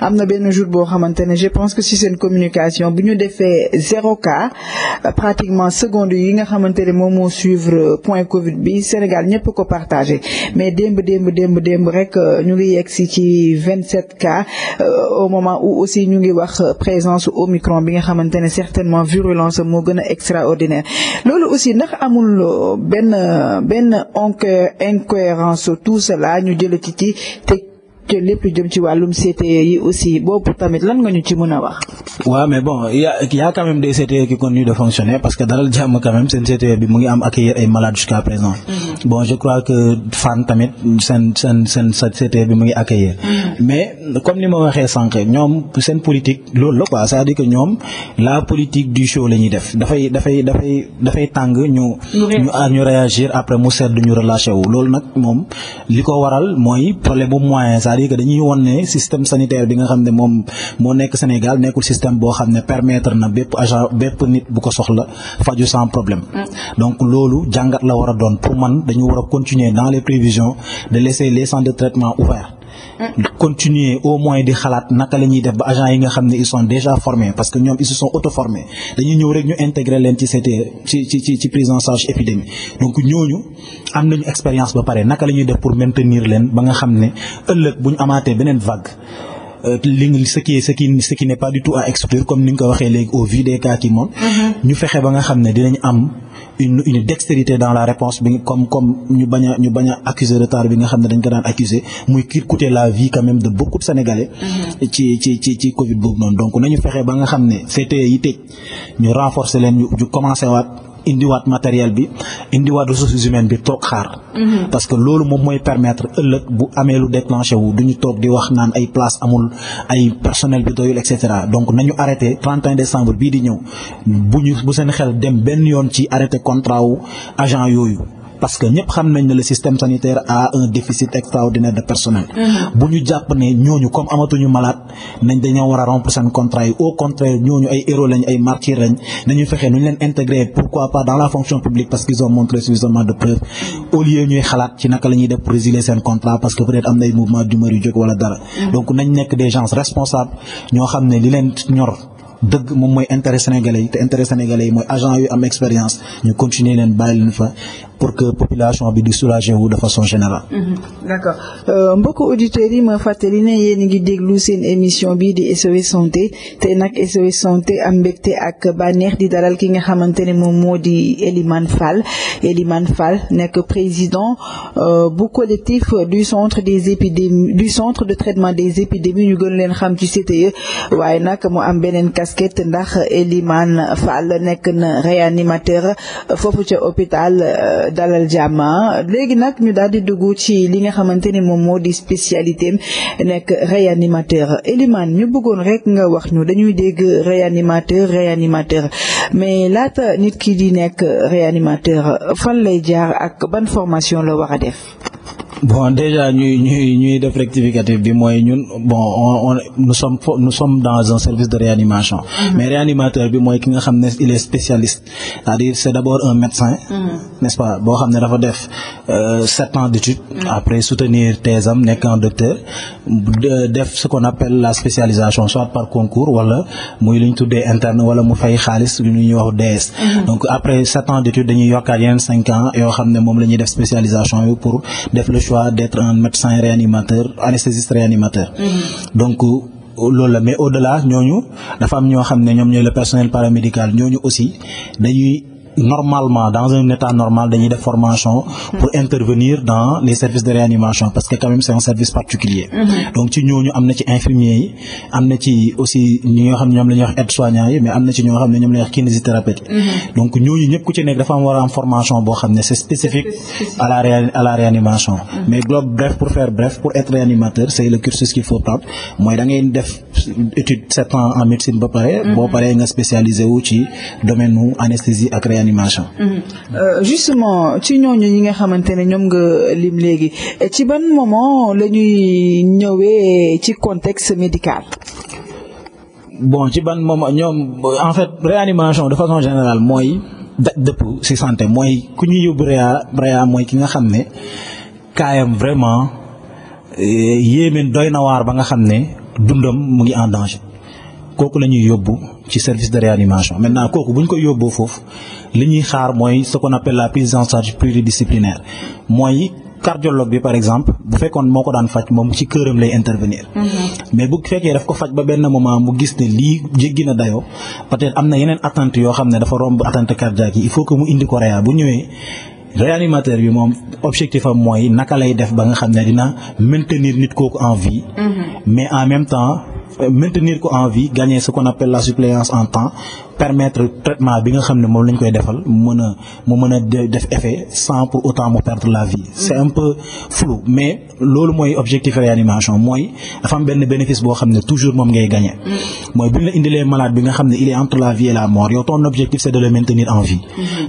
ah, na benn jour boo xamante ne je pense que si seen communication bu ñu defee zéro cas pratiquement seconde yi nga xamante ne moom moo suivre point Covid bi Sénégal ñëpp ko partagé mais démb démb démb démb rek euh, ñu ngi yegg si ci vingt sept cas euh, au moment où aussi ñu ngi wax présence Omicron bi nga xamante ne certainement virulence moo gën a extraordinaire loolu aussi ndax amul euh, benn benn incohérence tout cela ñu jël ci ci lépp lu jëm ci wàllum CTE yi aussi boobu tamit lan nga ñu ci mën a wax. waaw mais bon y' a y' a quand même des CTE qui continuent de fonctionner parce que Dalal Jàmm quand seen CTE bi mu ngi am accueillir ay malades jusqu'à présent. Mm-hmm. bon je crois que Fann tamit seen seen seen CTE bi mu ngi accueillir. Mm-hmm. mais comme ni ma waxee sànq ñoom seen politique loolu la quoi c'est-à-dire que ñoom la politique du show la ñuy def dafay dafay dafay dafay tàng ñu. ñu ñu réagir après mu sedd ñu relâché wu loolu nag moom c'est-à-dire que dañuy won ne système sanitaire bi nga xam ne moom moo nekk Sénégal nekkul système boo xam ne permettre na bépp agent bépp nit bu ko soxla faju sans problème mm. donc loolu jàngat la war a doon pour man dañu war continuer dans les prévisions de laisser les centres de traitement ouverts continuer au moins di xalaat naka la ñuy def ba agent yi nga xam ne ils sont déjà formés parce que ñoom ils se sont auto formés dañuy ñëw rek ñu intégrer leen ci ci ci ci ci prise en charge épidémie donc ñooñu am nañu expérience ba pare naka la ñuy def pour maintenir leen ba nga xam ne ëllëg bu ñu amaatee beneen vague. Euh, li ce qui ce qui ce qui n'est pas du tout à exclure comme ni nga ko waxee léegi au vu des cas qui montent. Mm-hmm. ñu fexe ba nga xam ne dinañ am. une une dextérité dans la réponse bi comme comme ñu bañ ñu bañ a accuser retard bi nga xam ne dañ ko daan accuser muy kii coûter la vie quand même de beaucoup mm-hmm. ci ci ci ci Covid boobu noonu donc nañu fexe ba nga xam ne CTE yi tëj ñu renforcer leen ñu commencé waat. indiwaat matériel bi indiwaat ressources humaines bi toog xaar. Mhm. parce que loolu moom mooy permettre ëllëg bu amee lu déclenché wu du ñu toog di wax naan ay place amul ay personnel bi doyul et cetera donc nañu arrêté 31 décembre bii di ñëw bu ñu bu seen xel dem benn yoon ci arrêté contrat wu agent yooyu. parce que ñëpp xam nañ ne le système sanitaire a un déficit extraordinaire de personnel. Mm-hmm. bu ñu jàpp ne ñooñu comme amatuñu malade nañ dañoo war a rompre seen contrat yi au contraire ñooñu ay héros lañ ay martyrs lañ nañu fexe nu ñu leen intégrer pourquoi pas dans la fonction publique parce qu'ils ont montré suffisamment de preuves au lieu ñuy xalaat ci naka la def pour seen contrat parce que peut-être am na ay mouvement d'humeur yu jóg wala dara. Mm-hmm. donc xam ne li leen dëgg moom mooy intérêt sénégalais yi te intérêt mooy agent yu am expérience ñu continuer leen bàyyi leen fa pour que population bi di soulager wu de façon générale. Mm-hmm. d' accord euh, mbokku auditeurs yi ma fàttali ne yéen ngi déglu seen émission bi di SOS santé te nag SOS santé am mbégte ak bànneex di dalal ki nga xamante ne moom moo di Elimane Fall Elimane Fall nekk président euh, bu collectif du centre des épidémies du centre de traitement des épidémies ñu gën leen xam ci CTE waaye nag mu am beneen casquette ndax Elimane nekk na réanimateur foofu ca hôpital euh, Dalal Jàmm léegi nag ñu daal di dugg ci li nga xamante ni moom moo di spécialité nekk réanimateur Elimane ñu bëggoon rek nga wax ñu dañuy dégg réanimateur réanimateur mais laata nit ki di nekk réanimateur fan lay jaar ak ban formation la war a def. bon déjà ñuy ñuy ñuy def rectificatif bi mooy ñun bon on on nous sommes nous sommes dans un service de réanimation. Mm-hmm. mais réanimateur bi mooy ki nga xam ne il est spécialiste c'est-à-dire c'est d'abord un médecin. Mm-hmm. nest boo xam ne dafa def euh, sept ans d'études. Mm-hmm. après soutenir thèse am nekk un docteur def ce qu'on appelle la spécialisation soit par concours wala muy lu ñu tuddee interne wala mu fay xaalis lu ñuy wax DS. donc après sept ans d'études dañuy yokkaat yeneen cinq ans yoo xam ne moom la ñuy def spécialisation yi pour def le choix d'être un médecin réanimateur anesthésiste réanimateur. Mhm. donc euh, loolu la mais au-delà ñooñu dafa am ñoo xam ne ñoom ñooy le personnel paramédical ñooñu aussi dañuy normalement dans un état normal dañuy def formation pour intervenir dans les services de réanimation parce que quand même c'est un service particulier mhm. donc ci ñooñu am na ci infirmiers yi am na ci aussi ñoom la ñuy wax aide soignants yi mais am na ci ñoo xam ne ñoom la ñuy wax mhm. donc ñooñu ñëpp ku ci nekk dafa am war am formation boo xam ne c'est spécifique à la à la réanimation mhm. mais globe bref pour faire bref pour être réanimateur c'est le cursus mooy da ngay def étude sept ans en médecine ba pare. Mhm. boo paree nga spécialisé wu ci domaine nu anesthésie ak réanimation. Mhm. Euh, justement ci ñooñu ñi nga xamante ne ñoom nga lim léegi ci ban moment la ñuy ñëwee ci contexte médical. bon ci ban moment ñoom en fait réanimation de façon générale mooy daj dëpp santé mooy ku ñuy yóbbu réa réa ki nga xam ne kaayam vraiment eh, yéemeen doy na waar ba nga xam dundam mu ngi en danger kooku la ñuy yóbbu ci service de réanimation maintenant kooku bu ñu koy yóbboo foofu li ñuy xaar mooy ce qu'on appelle prise en charge pluridisciplinaire mooy cardiologue bi par exemple bu fekkoon moo ko daan faj moom ci këram lay intervenir. Mm-hmm. mais bu fekkee daf faj ba benn moment mu gis ne lii jéggi na dayoo peut am na yeneen attente yoo xam ne dafa romb attente cardiaque yi il faut que mu indi ko réa bu ñëwee. réanimateur bi moom objectif am mooy naka lay def ba nga xam ne dina maintenir nit kooku en vie. Mm-hmm. mais en même temps euh, maintenir ko en vie gagner ce qu'on la suppléance en temps permettre traitement bi nga xam ne moom lañ koy defal mu mën a a def effet sans pour autant mu perdre la vie. c'est mm. un peu flou mais loolu mooy objectif réanimation mooy dafa am benn bénéfice boo xam ne mm.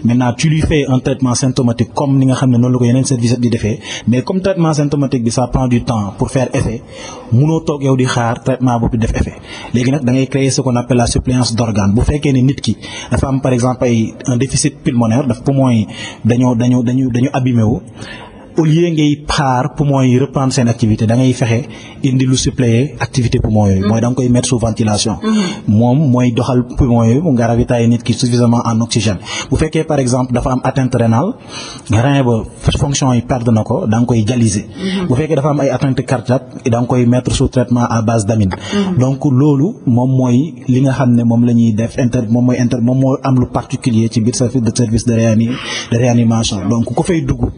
mm-hmm. traitement symptomatique comme ni nga xam ne noonu la ko yeneen service di defee mais comme traitement symptomatique bi ça prend du temps pour faire effet munoo toog yow di xaar traitement boobu def effet léegi nag da créer ce qu'on appelle la suppléance d'organe ne nit ki dafa am par exemple ay un déficit pulmonaire daf poumon yi dañoo dañoo dañu dañu abîmé wu au lieu ngay xaar poumon yi reprendre seen activité da ngay fexe indi lu suppléer activité poumon yooyu mm. mooy da nga koy mettre sous ventilation mm. moom mooy doxal poumon yooyu nga ravitailler nit ki suffisamment en oxygène bu fekkee par exemple dafa am atteinte rénale rein ba fonction yi perdre na ko da nga koy dialyser mm-hmm. bu fekkee dafa am ay atteinte cardiaque da nga koy mettre sous traitement à base d'amine mm-hmm. donc loolu moom mooy li nga xam ne moom la ñuy def inter moom mooy inter moom moo am lu particulier ci biir service de service de réanimation mm-hmm. donc ku fay dugg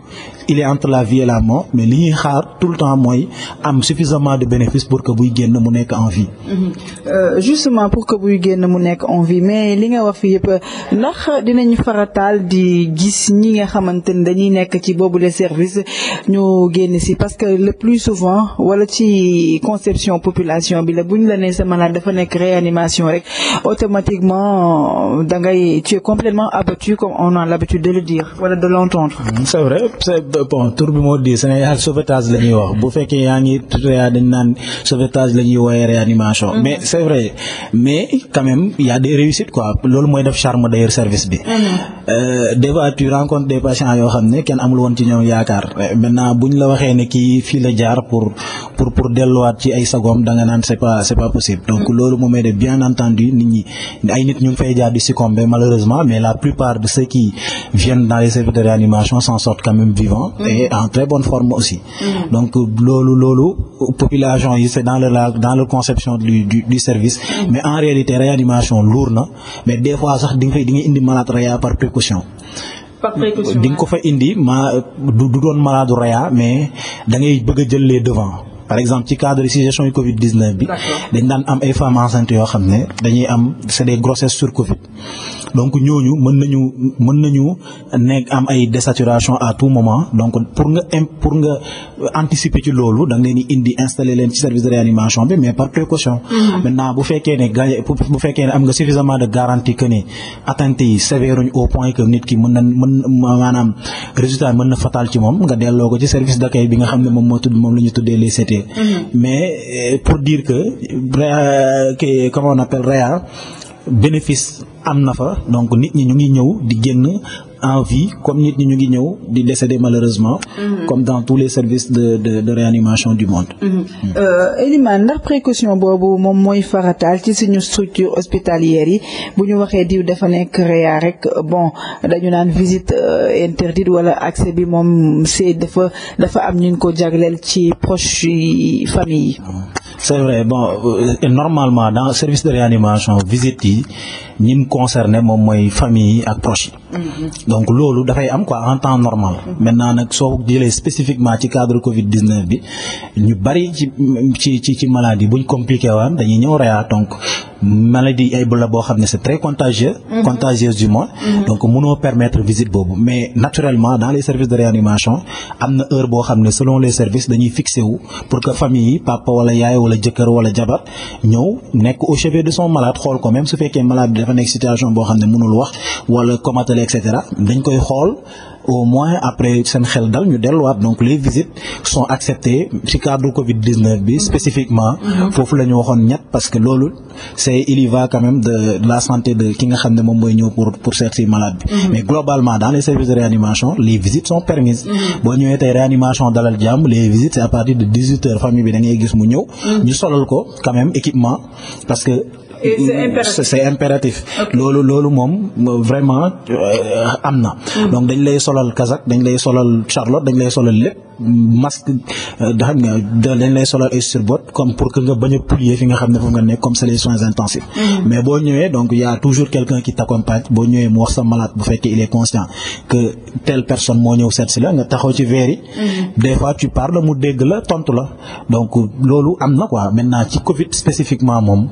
entre la vie et la mort mais li ñuy xaar tout le temps mooy am suffisamment de bénéfice pour que buy génn mu nekk en vie. Mhm. Euh, justement pour que buy génn mu nekk en mais li nga wax fi yëpp ndax dinañ farataal di gis ñi nga xamante ni dañuy nekk ci boobu les services ñu génn si parce que le plus souvent wala ci conception population bi la buñ la nee sa malade dafa nekk réanimation rek automatiquement da tu es complètement abattu comme on a l'habitude de de bon tur bi moo di Sénégal sauvetage la ñuy wax bu fekkee yaa ngi tutéa dañ naan sauvetage la ñuy woowee réanimation mm-hmm. mais c'est vrai mais quand même y a des loolu mooy def charme d'ailleurs service bi mm-hmm. euh, des fois tu rencontres yoo xam ne kenn amul woon ci ñoom yaakaar euh, maintenant buñ la waxee ne kii fii la jaar pour pour pour delluwaat ci ay sagoom da nga naan c'est pas c'est pas possible donc mm-hmm. loolu moom de bien entendu nit ñi ay nit ñu ngi fay jaar di succomber malheureusement mais la plupart de ceux qui viennent dans les services de réanimation s'en sortent quand même vivants mm-hmm. et en très bonne forme aussi mm-hmm. donc loolu loolu population yi c'est dans le dans le conception du du, du service mais en réalité réanimation lourd na mais des fois sax di nga indi malade réa par précaution di nga ko fa indi ma du doon malade a par exemple ci cadre si gestion yu Covid 19 bi. dañ daan am ay femmes enceintes yoo xam ne dañuy am c'est des grossesses sur Covid. donc ñooñu mën nañu mën nañu nekk am ay désaturation à tout moment donc pour nga pour nga anticiper ci loolu da leen di indi installer leen ci service de réanimation bi mais par précaution. Mm-hmm. maintenant bu fekkee ne gaañ bu fekkee ne am nga suffisamment de garantie que ne atteinte yi sévère au point que nit ki mën na mën maanaam résultat mën na fatal ci moom nga delloo ko ci service d'accueil bi nga xam ne moom moo tudd moom la ñu tuddee les CT. Mm-hmm. mais eh, pour dire euh, que comment on appelle réa e bénéfice am na fa donc nit ñi ñu ngi ñëw di génn en vie comme nit ñi ñu ngi ñëw di décédé malheureusement. Mm comme dans tous les services de de de réanimation du monde. Mhm. Mhm. Euh, Elimane ndax précaution boobu moom mooy farataal ci suñu structure hospitalière yi bu ñu waxee diw dafa nekk réa rek bon dañu naan visite euh, interdite wala accès bi moom c'est dafa dafa am ñu ko jagleel ci proche yi famille yi. Ah. c'est vrai bon euh, normalement dans service de réanimation visite yi ñim concerné moom mooy famille yi ak proche mm-hmm. donc loolu dafay am quoi en temps normal mm-hmm. maintenant nag soo jëlee spécifiquement ci cadre covid 19 bi ñu bari ci ci ci maladie buñ compliquer waan dañuy ñëw reyaa donc maladie ay la boo xam ne c'est très contagieux mhm. contagieuse du moins mhm. donc mënoo permettre visite boobu mais naturellement dans les services de réanimation am na heure boo xam ne selon les services dañuy fixé wu pour que famille yi papa wala yaay wala jëkkër wala jabar ñëw nekk au chevet de son malade xool ko même su fekkee malade bi dafa nekk situation boo xam ne mënul wax wala comatale et cetera dañ koy xool au moins après seen xel dal ñu delluwaat donc les visites sont acceptées ci cadre Covid 19 bi spécifiquement. Mhm. foofu la ñu waxoon ñett parce que loolu c'est il y va quand même de la santé de ki nga xam ne moom mooy ñëw pour pour seet bi. Mhm. mais globalement dans les services de réanimation les visites sont permises. Mhm. boo ñëwee tey réanimation dalal jàmm les visites c'est à partir de 18 heures famille bi da gis mu ñëw. ñu solal ko quand équipement parce et c'est mm, mm, impératif loolu loolu moom vraiment euh, am na. Mm. donc dañ lay solal kazak dañ lay solal charlotte dañ lay solal lépp masque euh, da xam nga dañ lay solal ay comme pour que nga bañ a fi nga xam ne foofu nga nekk comme c'est les soins intensifs. mais boo ñëwee donc y a toujours quelqu'un qui t'accompagne boo ñëwee mu wax sa malade bu fekkee il est conscient que telle personne moo ñëw seet si la nga taxaw ci verre yi. des fois tu parles mu dégg la tontu la donc loolu am na quoi maintenant ci Covid spécifiquement moom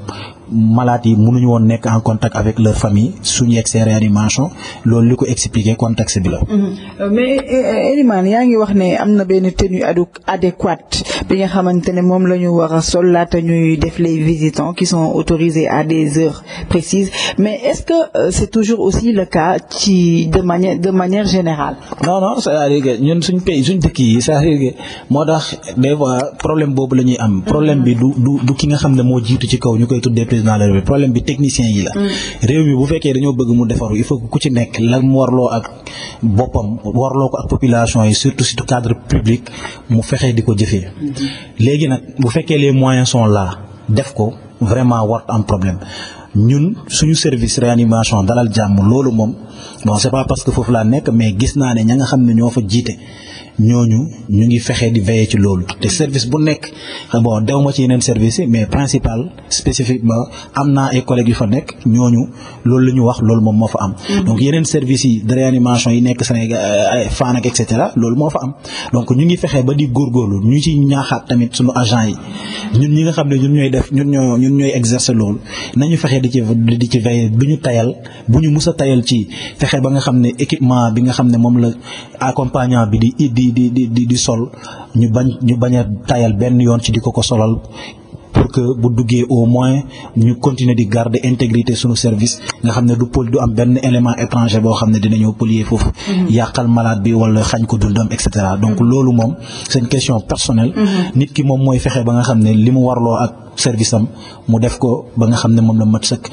malades yi mënuñu woon nekk en contact avec leur famille suñu yegsee réanimation loolu li ko expliquer contexte bi la. Mm-hmm. mais eh, Elimane yaa ngi wax ne am na benn tenue adéquate bi nga xamante ne moom la ñu war a sol laata ñuy def les visitants qui sont autorisés à des heures précises mais est-ce que euh, c'est toujours aussi le cas ci de manière de générale. non non c'est-à-dire ñun suñ pays suñ dëkk yi c'est-à-dire moo tax des fois problème boobu la ñuy am. problème bi du du du ki nga xam ne moo jiitu ci kaw ñu koy tuddee président de la République problème bi technicien yi la mm. réew mi bu fekkee dañoo bëgg mu defaru il faut que ku ci nekk la mu warloo ak boppam warloo ko ak population yi surtout surtout cadre public mu fexe di ko jëfee mm-hmm. léegi nag bu fekkee les moyens sont là def ko vraiment war am problème ñun suñu service réanimation dalal jàmm loolu moom bon c'est pas parce que foofu laa nekk mais gis naa ne ña nga xam ne ñoo fa jiite ñooñu ñu ngi fexe di veiller ci loolu te service bu nekk bon dew ma ci yeneen service yi mais principal spécifiquement am naa ay collègues yu fa nekk ñooñu loolu la ñu wax loolu moom moo fa am mm-hmm. donc yeneen service yi de réanimation yi nekk Sénégal euh, Fann ak et loolu moo fa am donc ñu ngi fexe ba di góorgóorlu ñu ci ñaaxaat tamit suñu agent yi ñun ñi nga xam ne ñun ñooy def ñun ñoo ñun ñooy exercer loolu nañu fexe di ci di ci veiller bu ñu tayal bu ñu mus a tayal ci fexe ba nga xam ne équipement bi nga xam ne moom la accompagnant bi di di di di di sol ñu bañ ñu bañ a tayal benn yoon ci di ko ko solal pour que bu duggee au moins ñu continuer di garder intégrité sunu service nga xam ne du pol du am benn élément étranger boo xam ne dina dinañoo polier foofu. Mm-hmm. yàqal malade bi wala xañ ko dundam et cetera donc mm-hmm. loolu moom c'est une question personnelle. Mm-hmm. nit ki moom mooy fexe ba nga xam ne li mu warloo ak service am mu def ko ba nga xam ne moom la mat sëkk.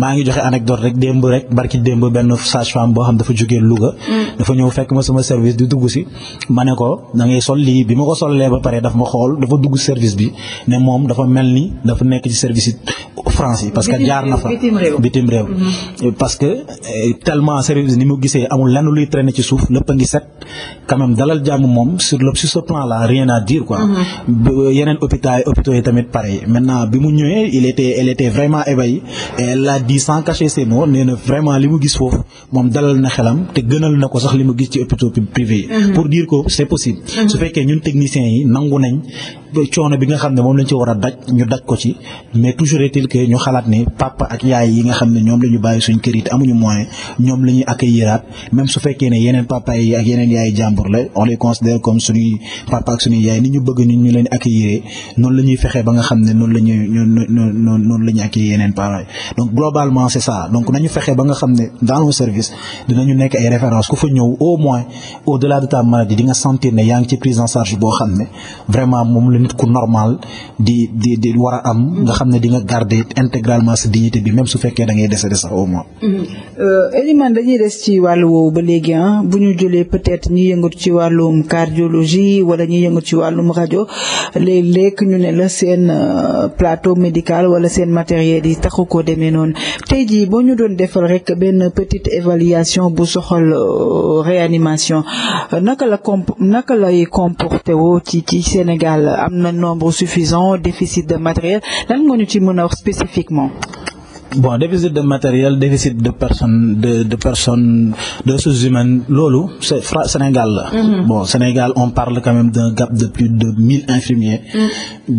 maa ngi joxe anecdote rek démb rek barki démb benn sage-femme boo xam dafa jógee luga mm. dafa ñëw fekk ma sama service di dugg si. ma ne ko da ngay sol lii bi ma ko sollee ba pare daf ma xool dafa dugg service bi ne moom dafa mel ni dafa nekk ci service France yi parce que jaar na mhm. eh, tellement service ni mu gisee amul lenn luy traîner ci suuf lépp a ngi set quand dalal jàmm moom sur le sur plan là rien à dire quoi mhm. yeneen hôpital hôpitaux yi tamit pareil maintenant bi mu ñëwee il était elle était vraiment ébahi et elle a dit sans cacher ses mots nee vraiment li mu gis foofu moom dalal na xelam te gënal na ko sax li mu gis ci hôpitaux privés yi mhm. pour dire que c'est possible su fekkee ñun techniciens yi nangu nañ coono bi nga xam ne moom lañ ci war a daj ñu daj ko ci mais toujours est-il que ñu xalaat ne papa ak yaay yi nga xam ne ñoom la ñu bàyyi suñ kër amuñu moyen ñoom la ñuy accueillir su fekkee ne yeneen papa yi ak yeneen yaay jàmbur la on les considère comme suñuy papa yaay ni ñu bëgg ñu ñu leen accueillir noonu la ñuy fexee ba nga xam ne noonu la ñuy noonu la ñuy accueillir yeneen papa yi donc globalement c'est ça donc nañu fexe ba nga xam ne dans nos dina ñu nekk ay références ku fa ñëw au moins au delà de ta maladie di nga sentir ne yaa ngi ci prise en charge boo xam ne vraiment moom la nit ku normal di di di war a am nga xam ne di nga intégralement sa dignité bi même su fekkee da ngay a sax au moins. Mm-hmm. Euh, Elimane dañuy des ci wàllu woowu ba léegi ah bu ñu jëlee peut-être ñi yëngatu ci wàllum cardiologie wala ñi yëngatu ci wàllum rajo léeg-léeg ñu ne la seen euh, plateau médical wala seen matériel di taxu ko demee noonu tey jii boo ñu doon defal rek benn petite évaluation bu soxal euh, réanimation naka la comp naka ci ci Sénégal. am na nombre suffisant déficit de matériel lan ñu ci mën a wax spécifiquement. bon déficit de matériel déficit de personne de de personnes de ressources humaines loolu c'est fra Sénégal la. Mhm. Sénégal on parle quand même d'un gap de plus de mille infirmiers. Mm.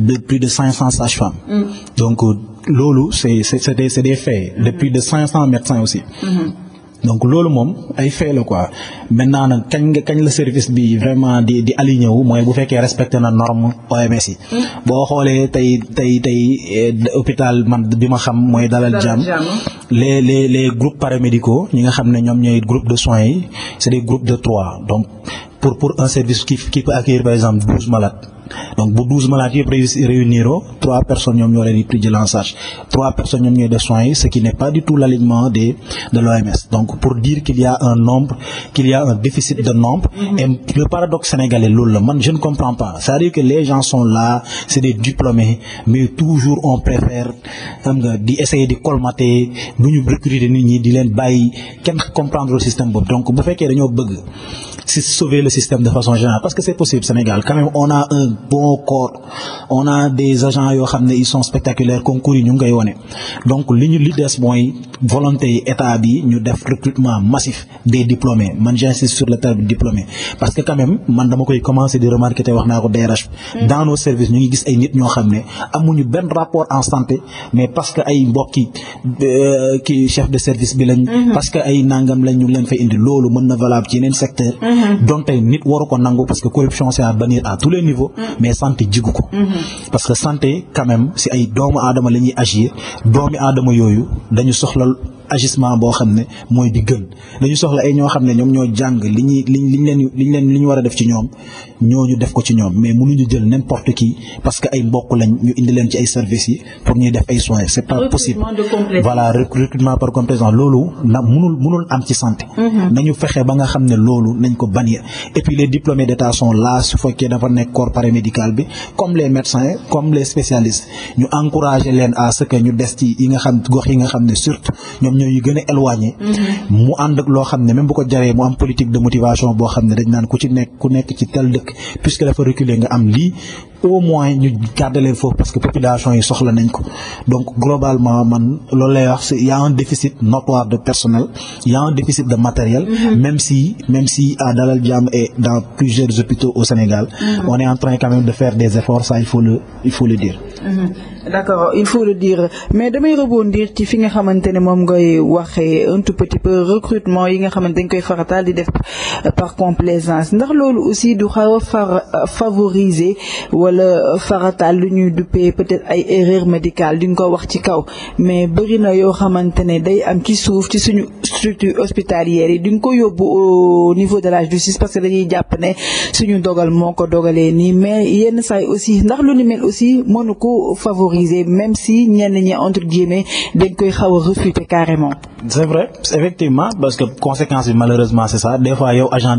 de plus de cinq cent sages-femmes. Mhm. donc euh, loolu c'est c'est c'est des c'est des faits. de mhm. plus de cinq cent médecins aussi. donc loolu moom ay fait la quoi maintenant nag kañ nga kañ la service bi vraiment di di aligné wu mooy bu fekkee respecté na norme OMS yi. Hmm. boo xoolee tey tey tey eh, hôpital man bi ma xam mooy Dalal Jàmm. les les les groupe paramédicaux ñi nga xam ne ñoom ñooy groupe de soins yi c'est des groupes de trois donc pour pour un service qui qui peut accueillir par exemple douze malades. donc bu douze malades yëpp réuniroo trois personnes ñoom ñoo leen di ce qui n'est pas du tout l'alignement de l'OMS donc pour dire qu'il y a un nombre qu'il y a un déficit de nombre mm-hmm. et le paradoxe sénégalais loolu la man je ne comprends pas c'est-à-dire que les gens sont là c'est des diplômés mais toujours on préfère di essayer di colmater bu ñu recruter nit ñi di leen bàyyi kenn comprendre si sauver le système de façon générale parce que c'est possible Sénégal quand même bon corps on a des agents yoo xam ne ils sont spectaculaires concours yi ñu ngi koy wone donc li ñu li des mooy volonté état bi ñu def recrutement massif des diplômés man j'insiste sur le terme diplômé parce que quand même man dama koy commencer di remarquer te wax naa ko DRH mm. dans nos service ñu ngi gis ay nit ñoo xam ne amuñu benn rapport en santé mais parce que ay mbokki euh, ki chef de service bi lañ mm-hmm. parce que ay nangam lañ ñu leen fay indi loolu mën na valable ci yeneen secteur mm-hmm. donte nit ko nangu parce que corruption c'est Mm-hmm. mais santé jigu ko mm-hmm. parce que santé quand même si ay doomu aadama la ñuy agir doomi aadama yooyu dañu soxla agissement boo xam ne mooy bi gën dañu soxla ay ñoo xam ne ñoom ñoo jàng li ñuy liñ liñ leen liñ leen a def ci ñoom ñooñu def ko ci ñoom mais mënuñu jël n'importe qui parce que ay mbokk lañ indi leen ci ay services yi pour ñuy def ay soins c'est pas possible voilà recrutement par complaisance loolu na mënul am ci santé mm-hmm. nañu fexe ba nga xam ne loolu nañ ko bannir et puis les diplômés d'état sont là su fekkee dafa nekk corps paramédical bi comme les médecins comme les yi xam ñooy gën a éloigné mm-hmm. mu ànd ak loo xam ne même bu ko jaree mu am politique de motivation boo xam ne dañ naan ku ci nekk ku nekk ci tel dëkk puisque dafa reculer nga am lii au moins ñu garder leen foofu parce que population yi soxla nañ ko donc globalement man loolu lay wax il y a un déficit notoire de personnel il y a un déficit de matériel. Mm -hmm. même si même si à Dalal Jamm et dans plusieurs hôpitaux au Sénégal. Mm -hmm. on est en train quand même de faire des efforts ça il faut le il faut le dire. Mm -hmm. d'accord il faut le dire mais damay rebondir ci fi nga xamante ne moom ngay waxee un tout petit peu recrutement yi nga xamante dañ koy farataal di def par complaisance ndax loolu aussi du xaw a favoriser wala. wala farataal lu ñuy duppee peut-être ay erreur médicale di nga ko wax ci kaw mais bëri na yoo xamante ne day am ci suuf ci suñu structure hospitalière yi di nga ko yóbbu au niveau de la justice parce que dañuy jàpp ne suñu dogal moo ko dogalee nii mais yenn saa yi aussi ndax lu ni mel aussi mënu ko favoriser même si ñenn ñi entre guillemets dañ koy xaw a refuter carrément. c'est vrai effectivement parce que conséquence bi malheureusement c'est ça des fois yow agent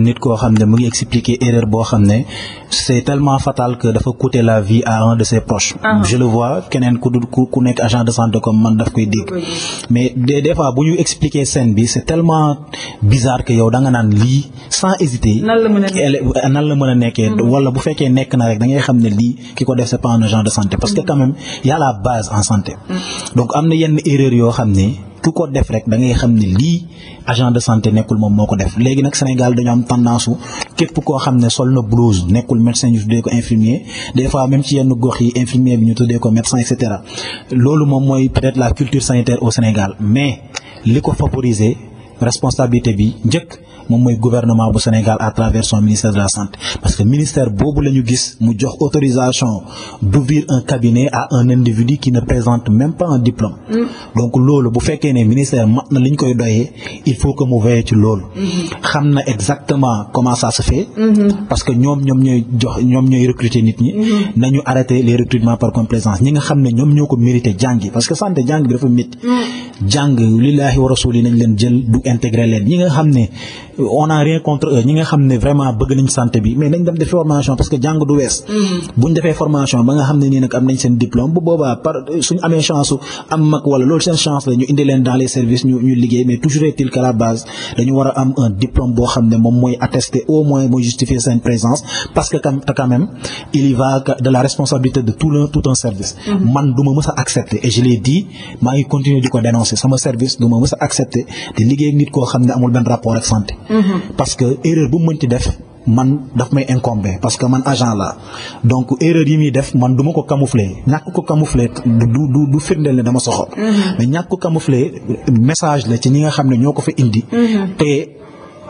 nit koo xam ne mu boo xam ne c'est tellement fatal que dafa coûter la vie à un de ses proches. Ah ah. je le vois keneen ku du ku nekk agent de santé comme man daf koy dégg. mais des des fois bu ñu expliquer scène bi c'est tellement bizarre que yow da nga naan lii sans hésiter. nan la mën a nan la mën a nekkee. Mm-hmm. wala bu fekkee nekk na rek da ngay xam ne lii ki ko def c'est pas un agent de santé. parce que mm-hmm. quand même la base en santé. Mm-hmm. donc am na yenn erreur yoo xam ne. ku ko def rek da ngay xam ni lii agent de santé nekkul moom moo ko def léegi nag Sénégal dañoo am tendance su képp koo xam ne sol na blouse nekkul médecin ñu tuddee ko infirmier des fois même ci yenn gox yi infirmier bi ñu tuddee ko médecin et loolu moom mooy peut-être la culture sanitaire au Sénégal mais li ko favoriser responsabilité bi njëkk. moom mooy gouvernement bu Sénégal à travers son ministère de la santé parce que ministère boobu la ñu gis mu jox autorisation d'ouvrir un cabinet à un individu qui na présent même pas un diplôme. Mm. donc loolu bu fekkee ne ministère mat na li ñu koy doyee il faut que mu veille ci loolu. Mm-hmm. xam na exactement comment ça se fait. Mm-hmm. parce que ñoom ñoom ñooy jox ñoom ñooy recruter nit ñi. Mm-hmm. na ñu arrêter les recrutements par complaisance ñi nga xam ne ñoom ñoo ko mérité jàngi parce que santé jàng bi dafa métti. Mm. jàng lillaahi nañ leen jël du intégrer leen ñi nga xam ne on a rien contre ñi nga xam ne vraiment bëgg nañ santé bi mais nañ dem def formation parce que jàng du wees mm-hmm. buñ defee formation ba nga xam ne nii nag am nañ seen diplôme bu boobaa par suñ amee chance am mag wala loolu seen chance la ñu dans les services ñu liggéey mais toujours est-il qu'à la base dañu war a am un diplôme boo xam ne moom mooy attester au moins mooy justifier seen présence parce que quand même il y va de la responsabilité Mm-hmm. parce que erreur bu mu mënti def man daf may incombé parce que man agent la donc erreur yi muy def man duma ko camoufler ñàkk ko camoufler du du du firndeel ne dama soxor mm-hmm. mais ñàkk ko camoufler message la ci ñi nga xam ne ñoo ko fa indi mm-hmm. te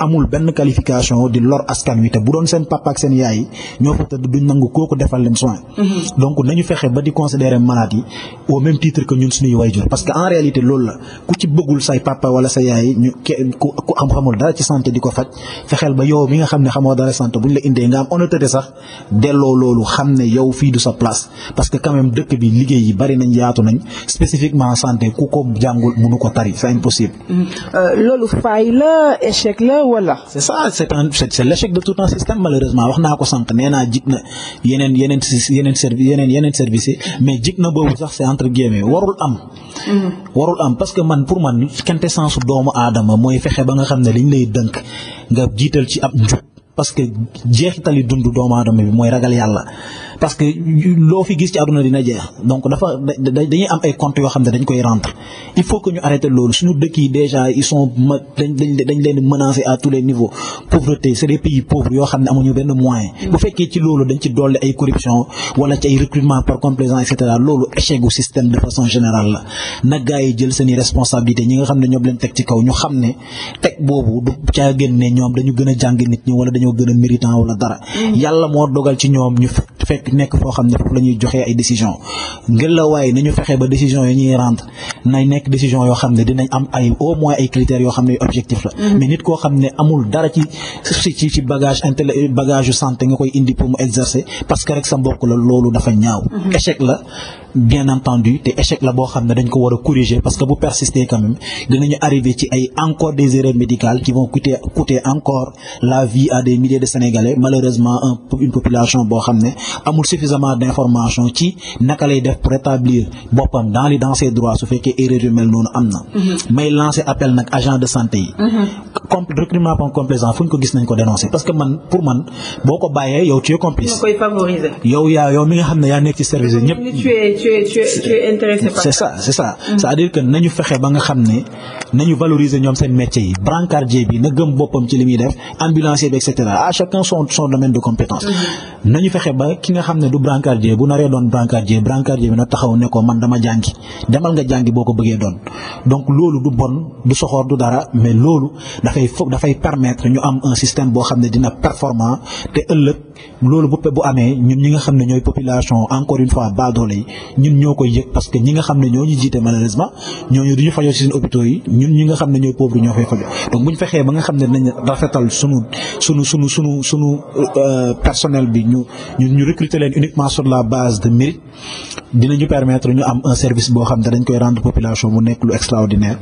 amul benn qualification di lor askan wi te bu doon seen papa ak seen yaay ñoo fa tëdd duñ nangu kooku defal leen soin. Mm-hmm. donc nañu fexe ba di considérer malade yi au même titre que ñun suñuy wayjur parce que en réalité loolu la ku ci bëggul say papa wala sa yaay ñu ku ku am xamul dara ci santé di ko faj fexeel ba yow bi nga xam ne xamoo dara santé buñ la indee nga am honnêteté sax delloo loolu xam ne yow fii du sa place parce que ka même dëkk bi liggéey yi bari nañ yaatu nañ spécifiquement santé ku ko jàngul mënu ko tari c'est impossible. Mm-hmm. Euh, wala. c'est ça c'est un c'est l'échec de tout un système malheureusement wax ko sànq nee naa jig na yeneen yeneen yeneen service yeneen yeneen service yi mais jig na boobu sax c'est entre guillemets warul am. Mm. warul am parce que man pour man quintessence doomu aadama mooy fexe ba nga xam ne liñ lay dënk nga jiital ci ab njub parce que jeexitali dundu doomu aadama bi mooy ragal yàlla. parce que loo fi gis ci àdduna dina jeex donc dafa dañuy am ay comptes yoo xam ne dañ koy rendre il faut que ñu arrêté loolu suñu dëkk yi déjà ils sont dañ dañ leen menacé à tous les niveaux pauvreté c'est des pays pauvres yoo xam ne amuñu benn moyen bu fekkee ci loolu dañ ci dolli ay corruption wala ci ay recrutement par complaisance et loolu échec gu système de façon général la na gars yi jël seeni responsabilité ñi nga xam ne ñoom leen teg ci kaw ñu xam ne teg boobu du caa ñoom dañu gën a jàng nit ñi wala dañoo gën a méritant wala dara mm. yàlla moo dogal ci ñoom ñu fekk nekk foo xam ne foofu la ñuy joxee ay décision ngelawaay nañu fexe ba décision yi ñuy rendre nay nekk décision yoo xam ne dinañ am ay au moins ay critères yoo xam ne objectif la mm-hmm. mais nit koo xam ne amul dara ci ci ci bagage intellé bagage santé nga koy indi pour mu exercer parce que rek sa mbokk la loolu dafa ñaaw mm-hmm. échec la bien entendu te échec la boo xam ne dañ ko war a parce que bu persister quand même dinañu arriver ci ay encore des erreurs médicales qui vont encore la vie à des milliers de Sénégalais malheureusement une population boo xam ne amul suffisamment d'information ci naka lay def pour rétablir boppam dans les dans ses su fekkee erreur noonu am na. Mm-hmm. may lancer appel nag agent de santé yi. Mm-hmm. com recrutement par complaisant fu ñu ko gis nañ ko dénoncer tu es tu es tu es intéressé par c'est ça c'est ça dire que nañu fexe ba nga xam ne nañu valorisé ñoom seen métier yi brancardier bi na gëm boppam ci li muy def ambulancier bi et cetera à chacun son son domaine de compétence mm-hmm. nañu fexe ba ki nga xam ne du brancardier bu naree doon brancardier brancardier bi na taxaw ne ko man dama jàngi demal nga jàngi boo ko bëggee doon donc loolu du bon du soxor du dara mais loolu dafay dafay permettre ñu am un système boo xam ne dina performant te loolu bu bu amee ñun ñi nga xam ne ñooy population encore une fois baadoole yi ñun ñoo koy yëg parce que ñi nga xam ne ñoo ñu jiite malheureusement ñooñu du ñu fajoo ci seen hôpitaux yi ñun ñi nga xam ne ñooy pauvre ñoo fay fajoo donc bu ñu fexee ba nga xam ne nañ rafetal sunu sunu sunu sunu sunu euh, personnel bi ñu ñu ñu recruter leen uniquement sur la base de mérite dina dinañu permettre ñu am un service boo xam ne dañ koy rendre population mu nekk lu extraordinaire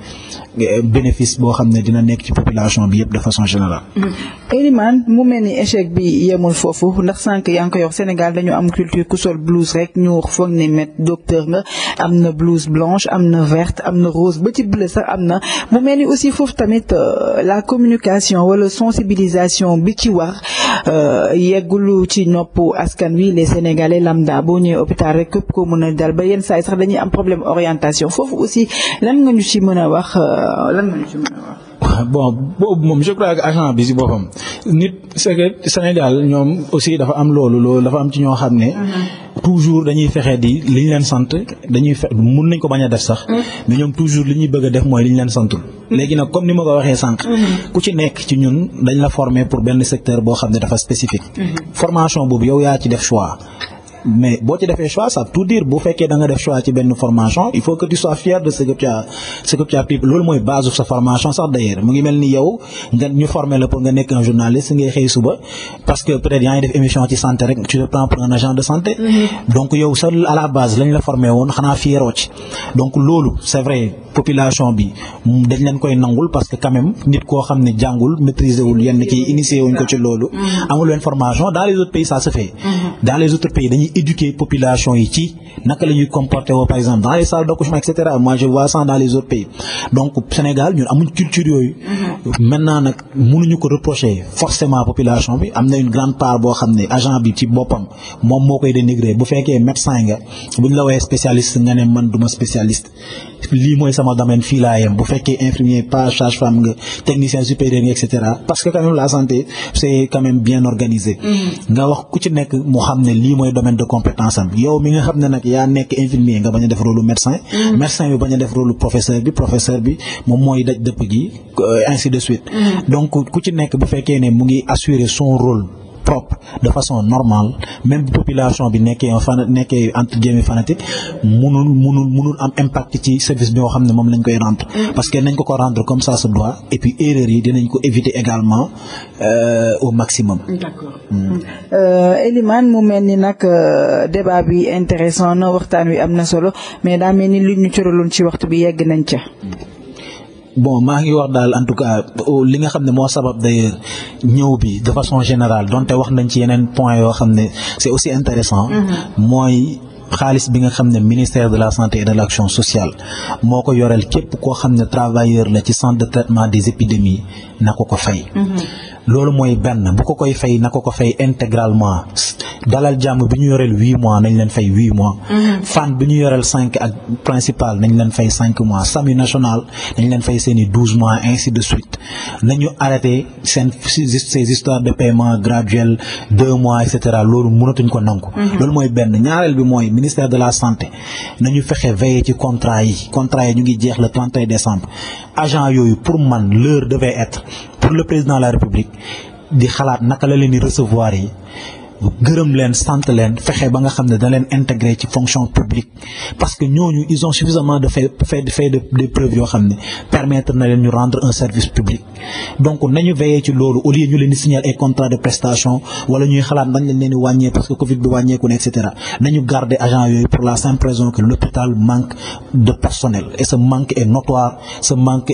euh, bénéfice boo xam ne dina nekk ci population bi yëpp de façon générale. Mm-hmm. mu mel ni échec bi yemal foofu ndax sànq yaa ngi koy wax Sénégal dañu am culture ku sol blouse rek ñu foog ne met docteur nga am na blouse blanche am na verte am na rose ba ci bleu sax am na mu mel ni aussi foofu tamit euh, la communication wala sensibilisation bi ci war. Euh, yeggulu ci nopp askan wi les sénégalais lambda boo ñëwee hôpital rek képp koo mën a dal ba yenn saa yi sax dañuy am problème orientation foofu aussi lan nga ñu ci mën a wax euh, lan a wax. ah bon boobu moom je crois que agent bi si boppam nit c'est Sénégal ñoom aussi dafa am loolu loolu dafa am ci ñoo xam ne. Mhm. toujours dañuy fexe di li ñu leen sant dañuy fexe mun nañ ko bañ a def sax. Mhm. mais ñoom toujours li ñuy bëgg a def mooy li ñu leen santul. Mhm. léegi nag comme ni ma ko waxee sànq. ku ci nekk ci ñun dañ la former pour benn secteur boo xam ne dafa spécifique. formation boobu yow yaa ci def choix. mais boo ci defee choix ça tout dire bu fekkee da nga def choix ci benn formation il faut que tu sois fier de ce que tu loolu mooy base sa formation sax d'ailleurs mu ngi mel ni yow nga ñu formé la pour nga nekk un journaliste ngay xëy suba parce que peut-être yaa ngi def émission ci santé rek tu te prends pour un agent de santé mm-hmm. donc yow sa à la base lañ la formé woon xanaa fier ci donc loolu c'est vrai population bi dañ leen koy nangul parce que quand même nit koo xam ne jàngul maîtriser yenn kii initié wuñ ko ci loolu. Mm-hmm. amul leen dans les autres pays ça se fait. Mm-hmm. dans les autres pays dañuy éduquer population yi ci naka la ñuy comporter par exemple dans les autres pays donc Sénégal ñun amuñ culture yooyu. Mm-hmm. maintenant nag mënuñu ko reprocher forcément population bi am na une grande part boo xam ne agent bi ci boppam moom moo koy dénigrer bu fekkee médecin nga buñ la sama bu fekkee infirmier pas femme technicien supérieur nga parce que quand la santé c'est quand bien organisé mm-hmm. nga wax ku ci nekk mu xam ne lii mooy domaine de compétence am yow mi nga xam ne nag yaa nekk infirmier nga bañ a def rôle médecin mm-hmm. médecin bi bañ def rôle professeur bi professeur bi moom mooy daj dëpp gi ainsi de suite mm-hmm. donc ku ci nekk bu fekkee ne mu ngi assurer son rôle propre de façon normale même population bi nekkee un fan nekkee entre guillemets fanatique munul munul am impact ci service bi nga xam ne moom lañ koy rendre. Mm. parce que nañ ko ko rendre comme ça se doit et puis erreur yi dinañ ko éviter également euh, au maximum. d'accord mm. euh, Elimane mu mel ni nag euh, débat bi intéressant na waxtaan wi am na solo mais daa mel ni luñ ñu cëraloon ci waxtu bi yegg nañ ca. Mm. bon maa ngi wax daal en tout cas euh, li nga xam ne moo sabab d'ailleurs ñëw bi de façon générale donte wax nañ ci yeneen point yoo xam ne c'est aussi intéressant mm-hmm. mooy xaalis bi nga xam ne ministère de la santé et de l'action sociale moo ko yoreel képp koo xam ne travailleur la ci centre de traitement des épidémies na ko ko fay mm-hmm. loolu mooy benn bu ko koy fay na ko ko fay intégralement dalal jàmm bi ñu yoreel huit mois nañ leen fay huit mois. Mm-hmm. fan bi ñu yoreel cinq ak principal nañ leen fay cinq mois sami national nañ leen fay seen i douze mois ainsi de suite nañu arrêté seen ces histoires de paiement graduel deux mois et cetera loolu mënatuñ ko nangu. Mm-hmm. loolu mooy benn ñaareel bi mooy ministère de la santé nañu fexe veiller ci contrat yi contrat yi ñu ngi jeex le 31 décembre agent yooyu pour man l'heure devait être. pour le président de la république di xalaat naka la leen di recevoir yi gërëm leen sant leen fexe ba nga xam ne da leen intégré ci fonction publique parce que ñooñu ils ont suffisamment de fait fait fait des yoo xam ne permettre na leen ñu rendre un service public donc nañu veillé ci loolu au lieu ñu leen di signaler contrat de prestation wala ñuy xalaat nañ leen wàññee parce que Covid bi wàññeeku ne et nañu garder agent yooyu pour la simple raison que l'hôpital manque de personnel et ce manque est notoire ce manque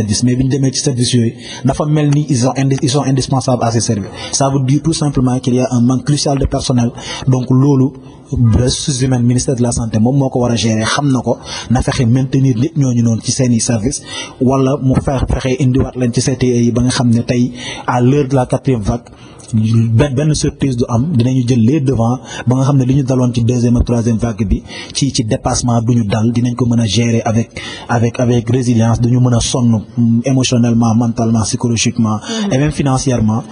services mais bi ñu demee ci services yooyu dafa mel ni ils ont indi ils sont indispensables à ces services ça veut dire tout simplement qu'il y a crucial de personnel donc loolu ressources humaines ministère de la santé moom moo ko war a gérer xam na ko na fexe maintenir nit ñooñu noonu ci seen i service wala mu fexe fexe indiwaat leen ci CTE yi ba nga xam ne tey à l'heure de la quatrième vague benn benn surprise du am dinañu jël les devant ba nga xam ne li ñu daloon ci deuxième a troisième vague bi ci ci dépassement du ñu dal dinañ ko mën a gérer avec avec avec résilience duñu mën a sonn mm, émotionnellement mentalement psychologiquement mm-hmm. et même financièrement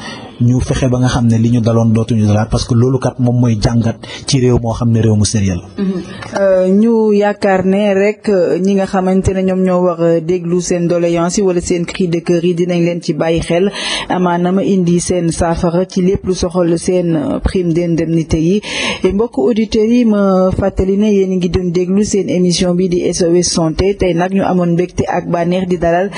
ñu fexe ba nga xam ne li ñu daloon dootuñu dalaat parce que loolu kat moom mooy jàngat ci réew moo xam ne réew mu sérieux la. Mhm. Euh, ñu yaakaar ne rek euh, ñi nga xamante ne ñoom ñoo war a déglu seen doléance yi wala seen cri de yi dinañ leen ci bàyyi xel amaana ma indi seen saafara ci lépp lu soxal seen euh, prime d'indemnité yi mbokk auditeurs yi ma fàttali na yéen ngi doon déglu seen émission bi di SOS santé tey nag ñu amoon mbégte ak bànneex di dalal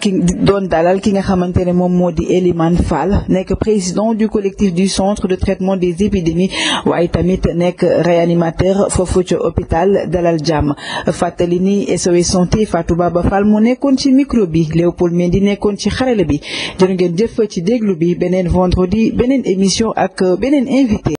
ki doon dalal ki nga xamante ne moom moo di Elimane Fall nekk président du collectif du centre de traitement des épidémies waaye tamit nekk réanimateur foofu ca hôpital Dalal Jàmm fàttali ni SOS santé Fatou Baba Fall mu nekkoon ci micro bi Léopold Mendy nekkoon ci xarala bi jërë ngeen jëf ci déglu bi beneen vendredi beneen émission ak beneen invité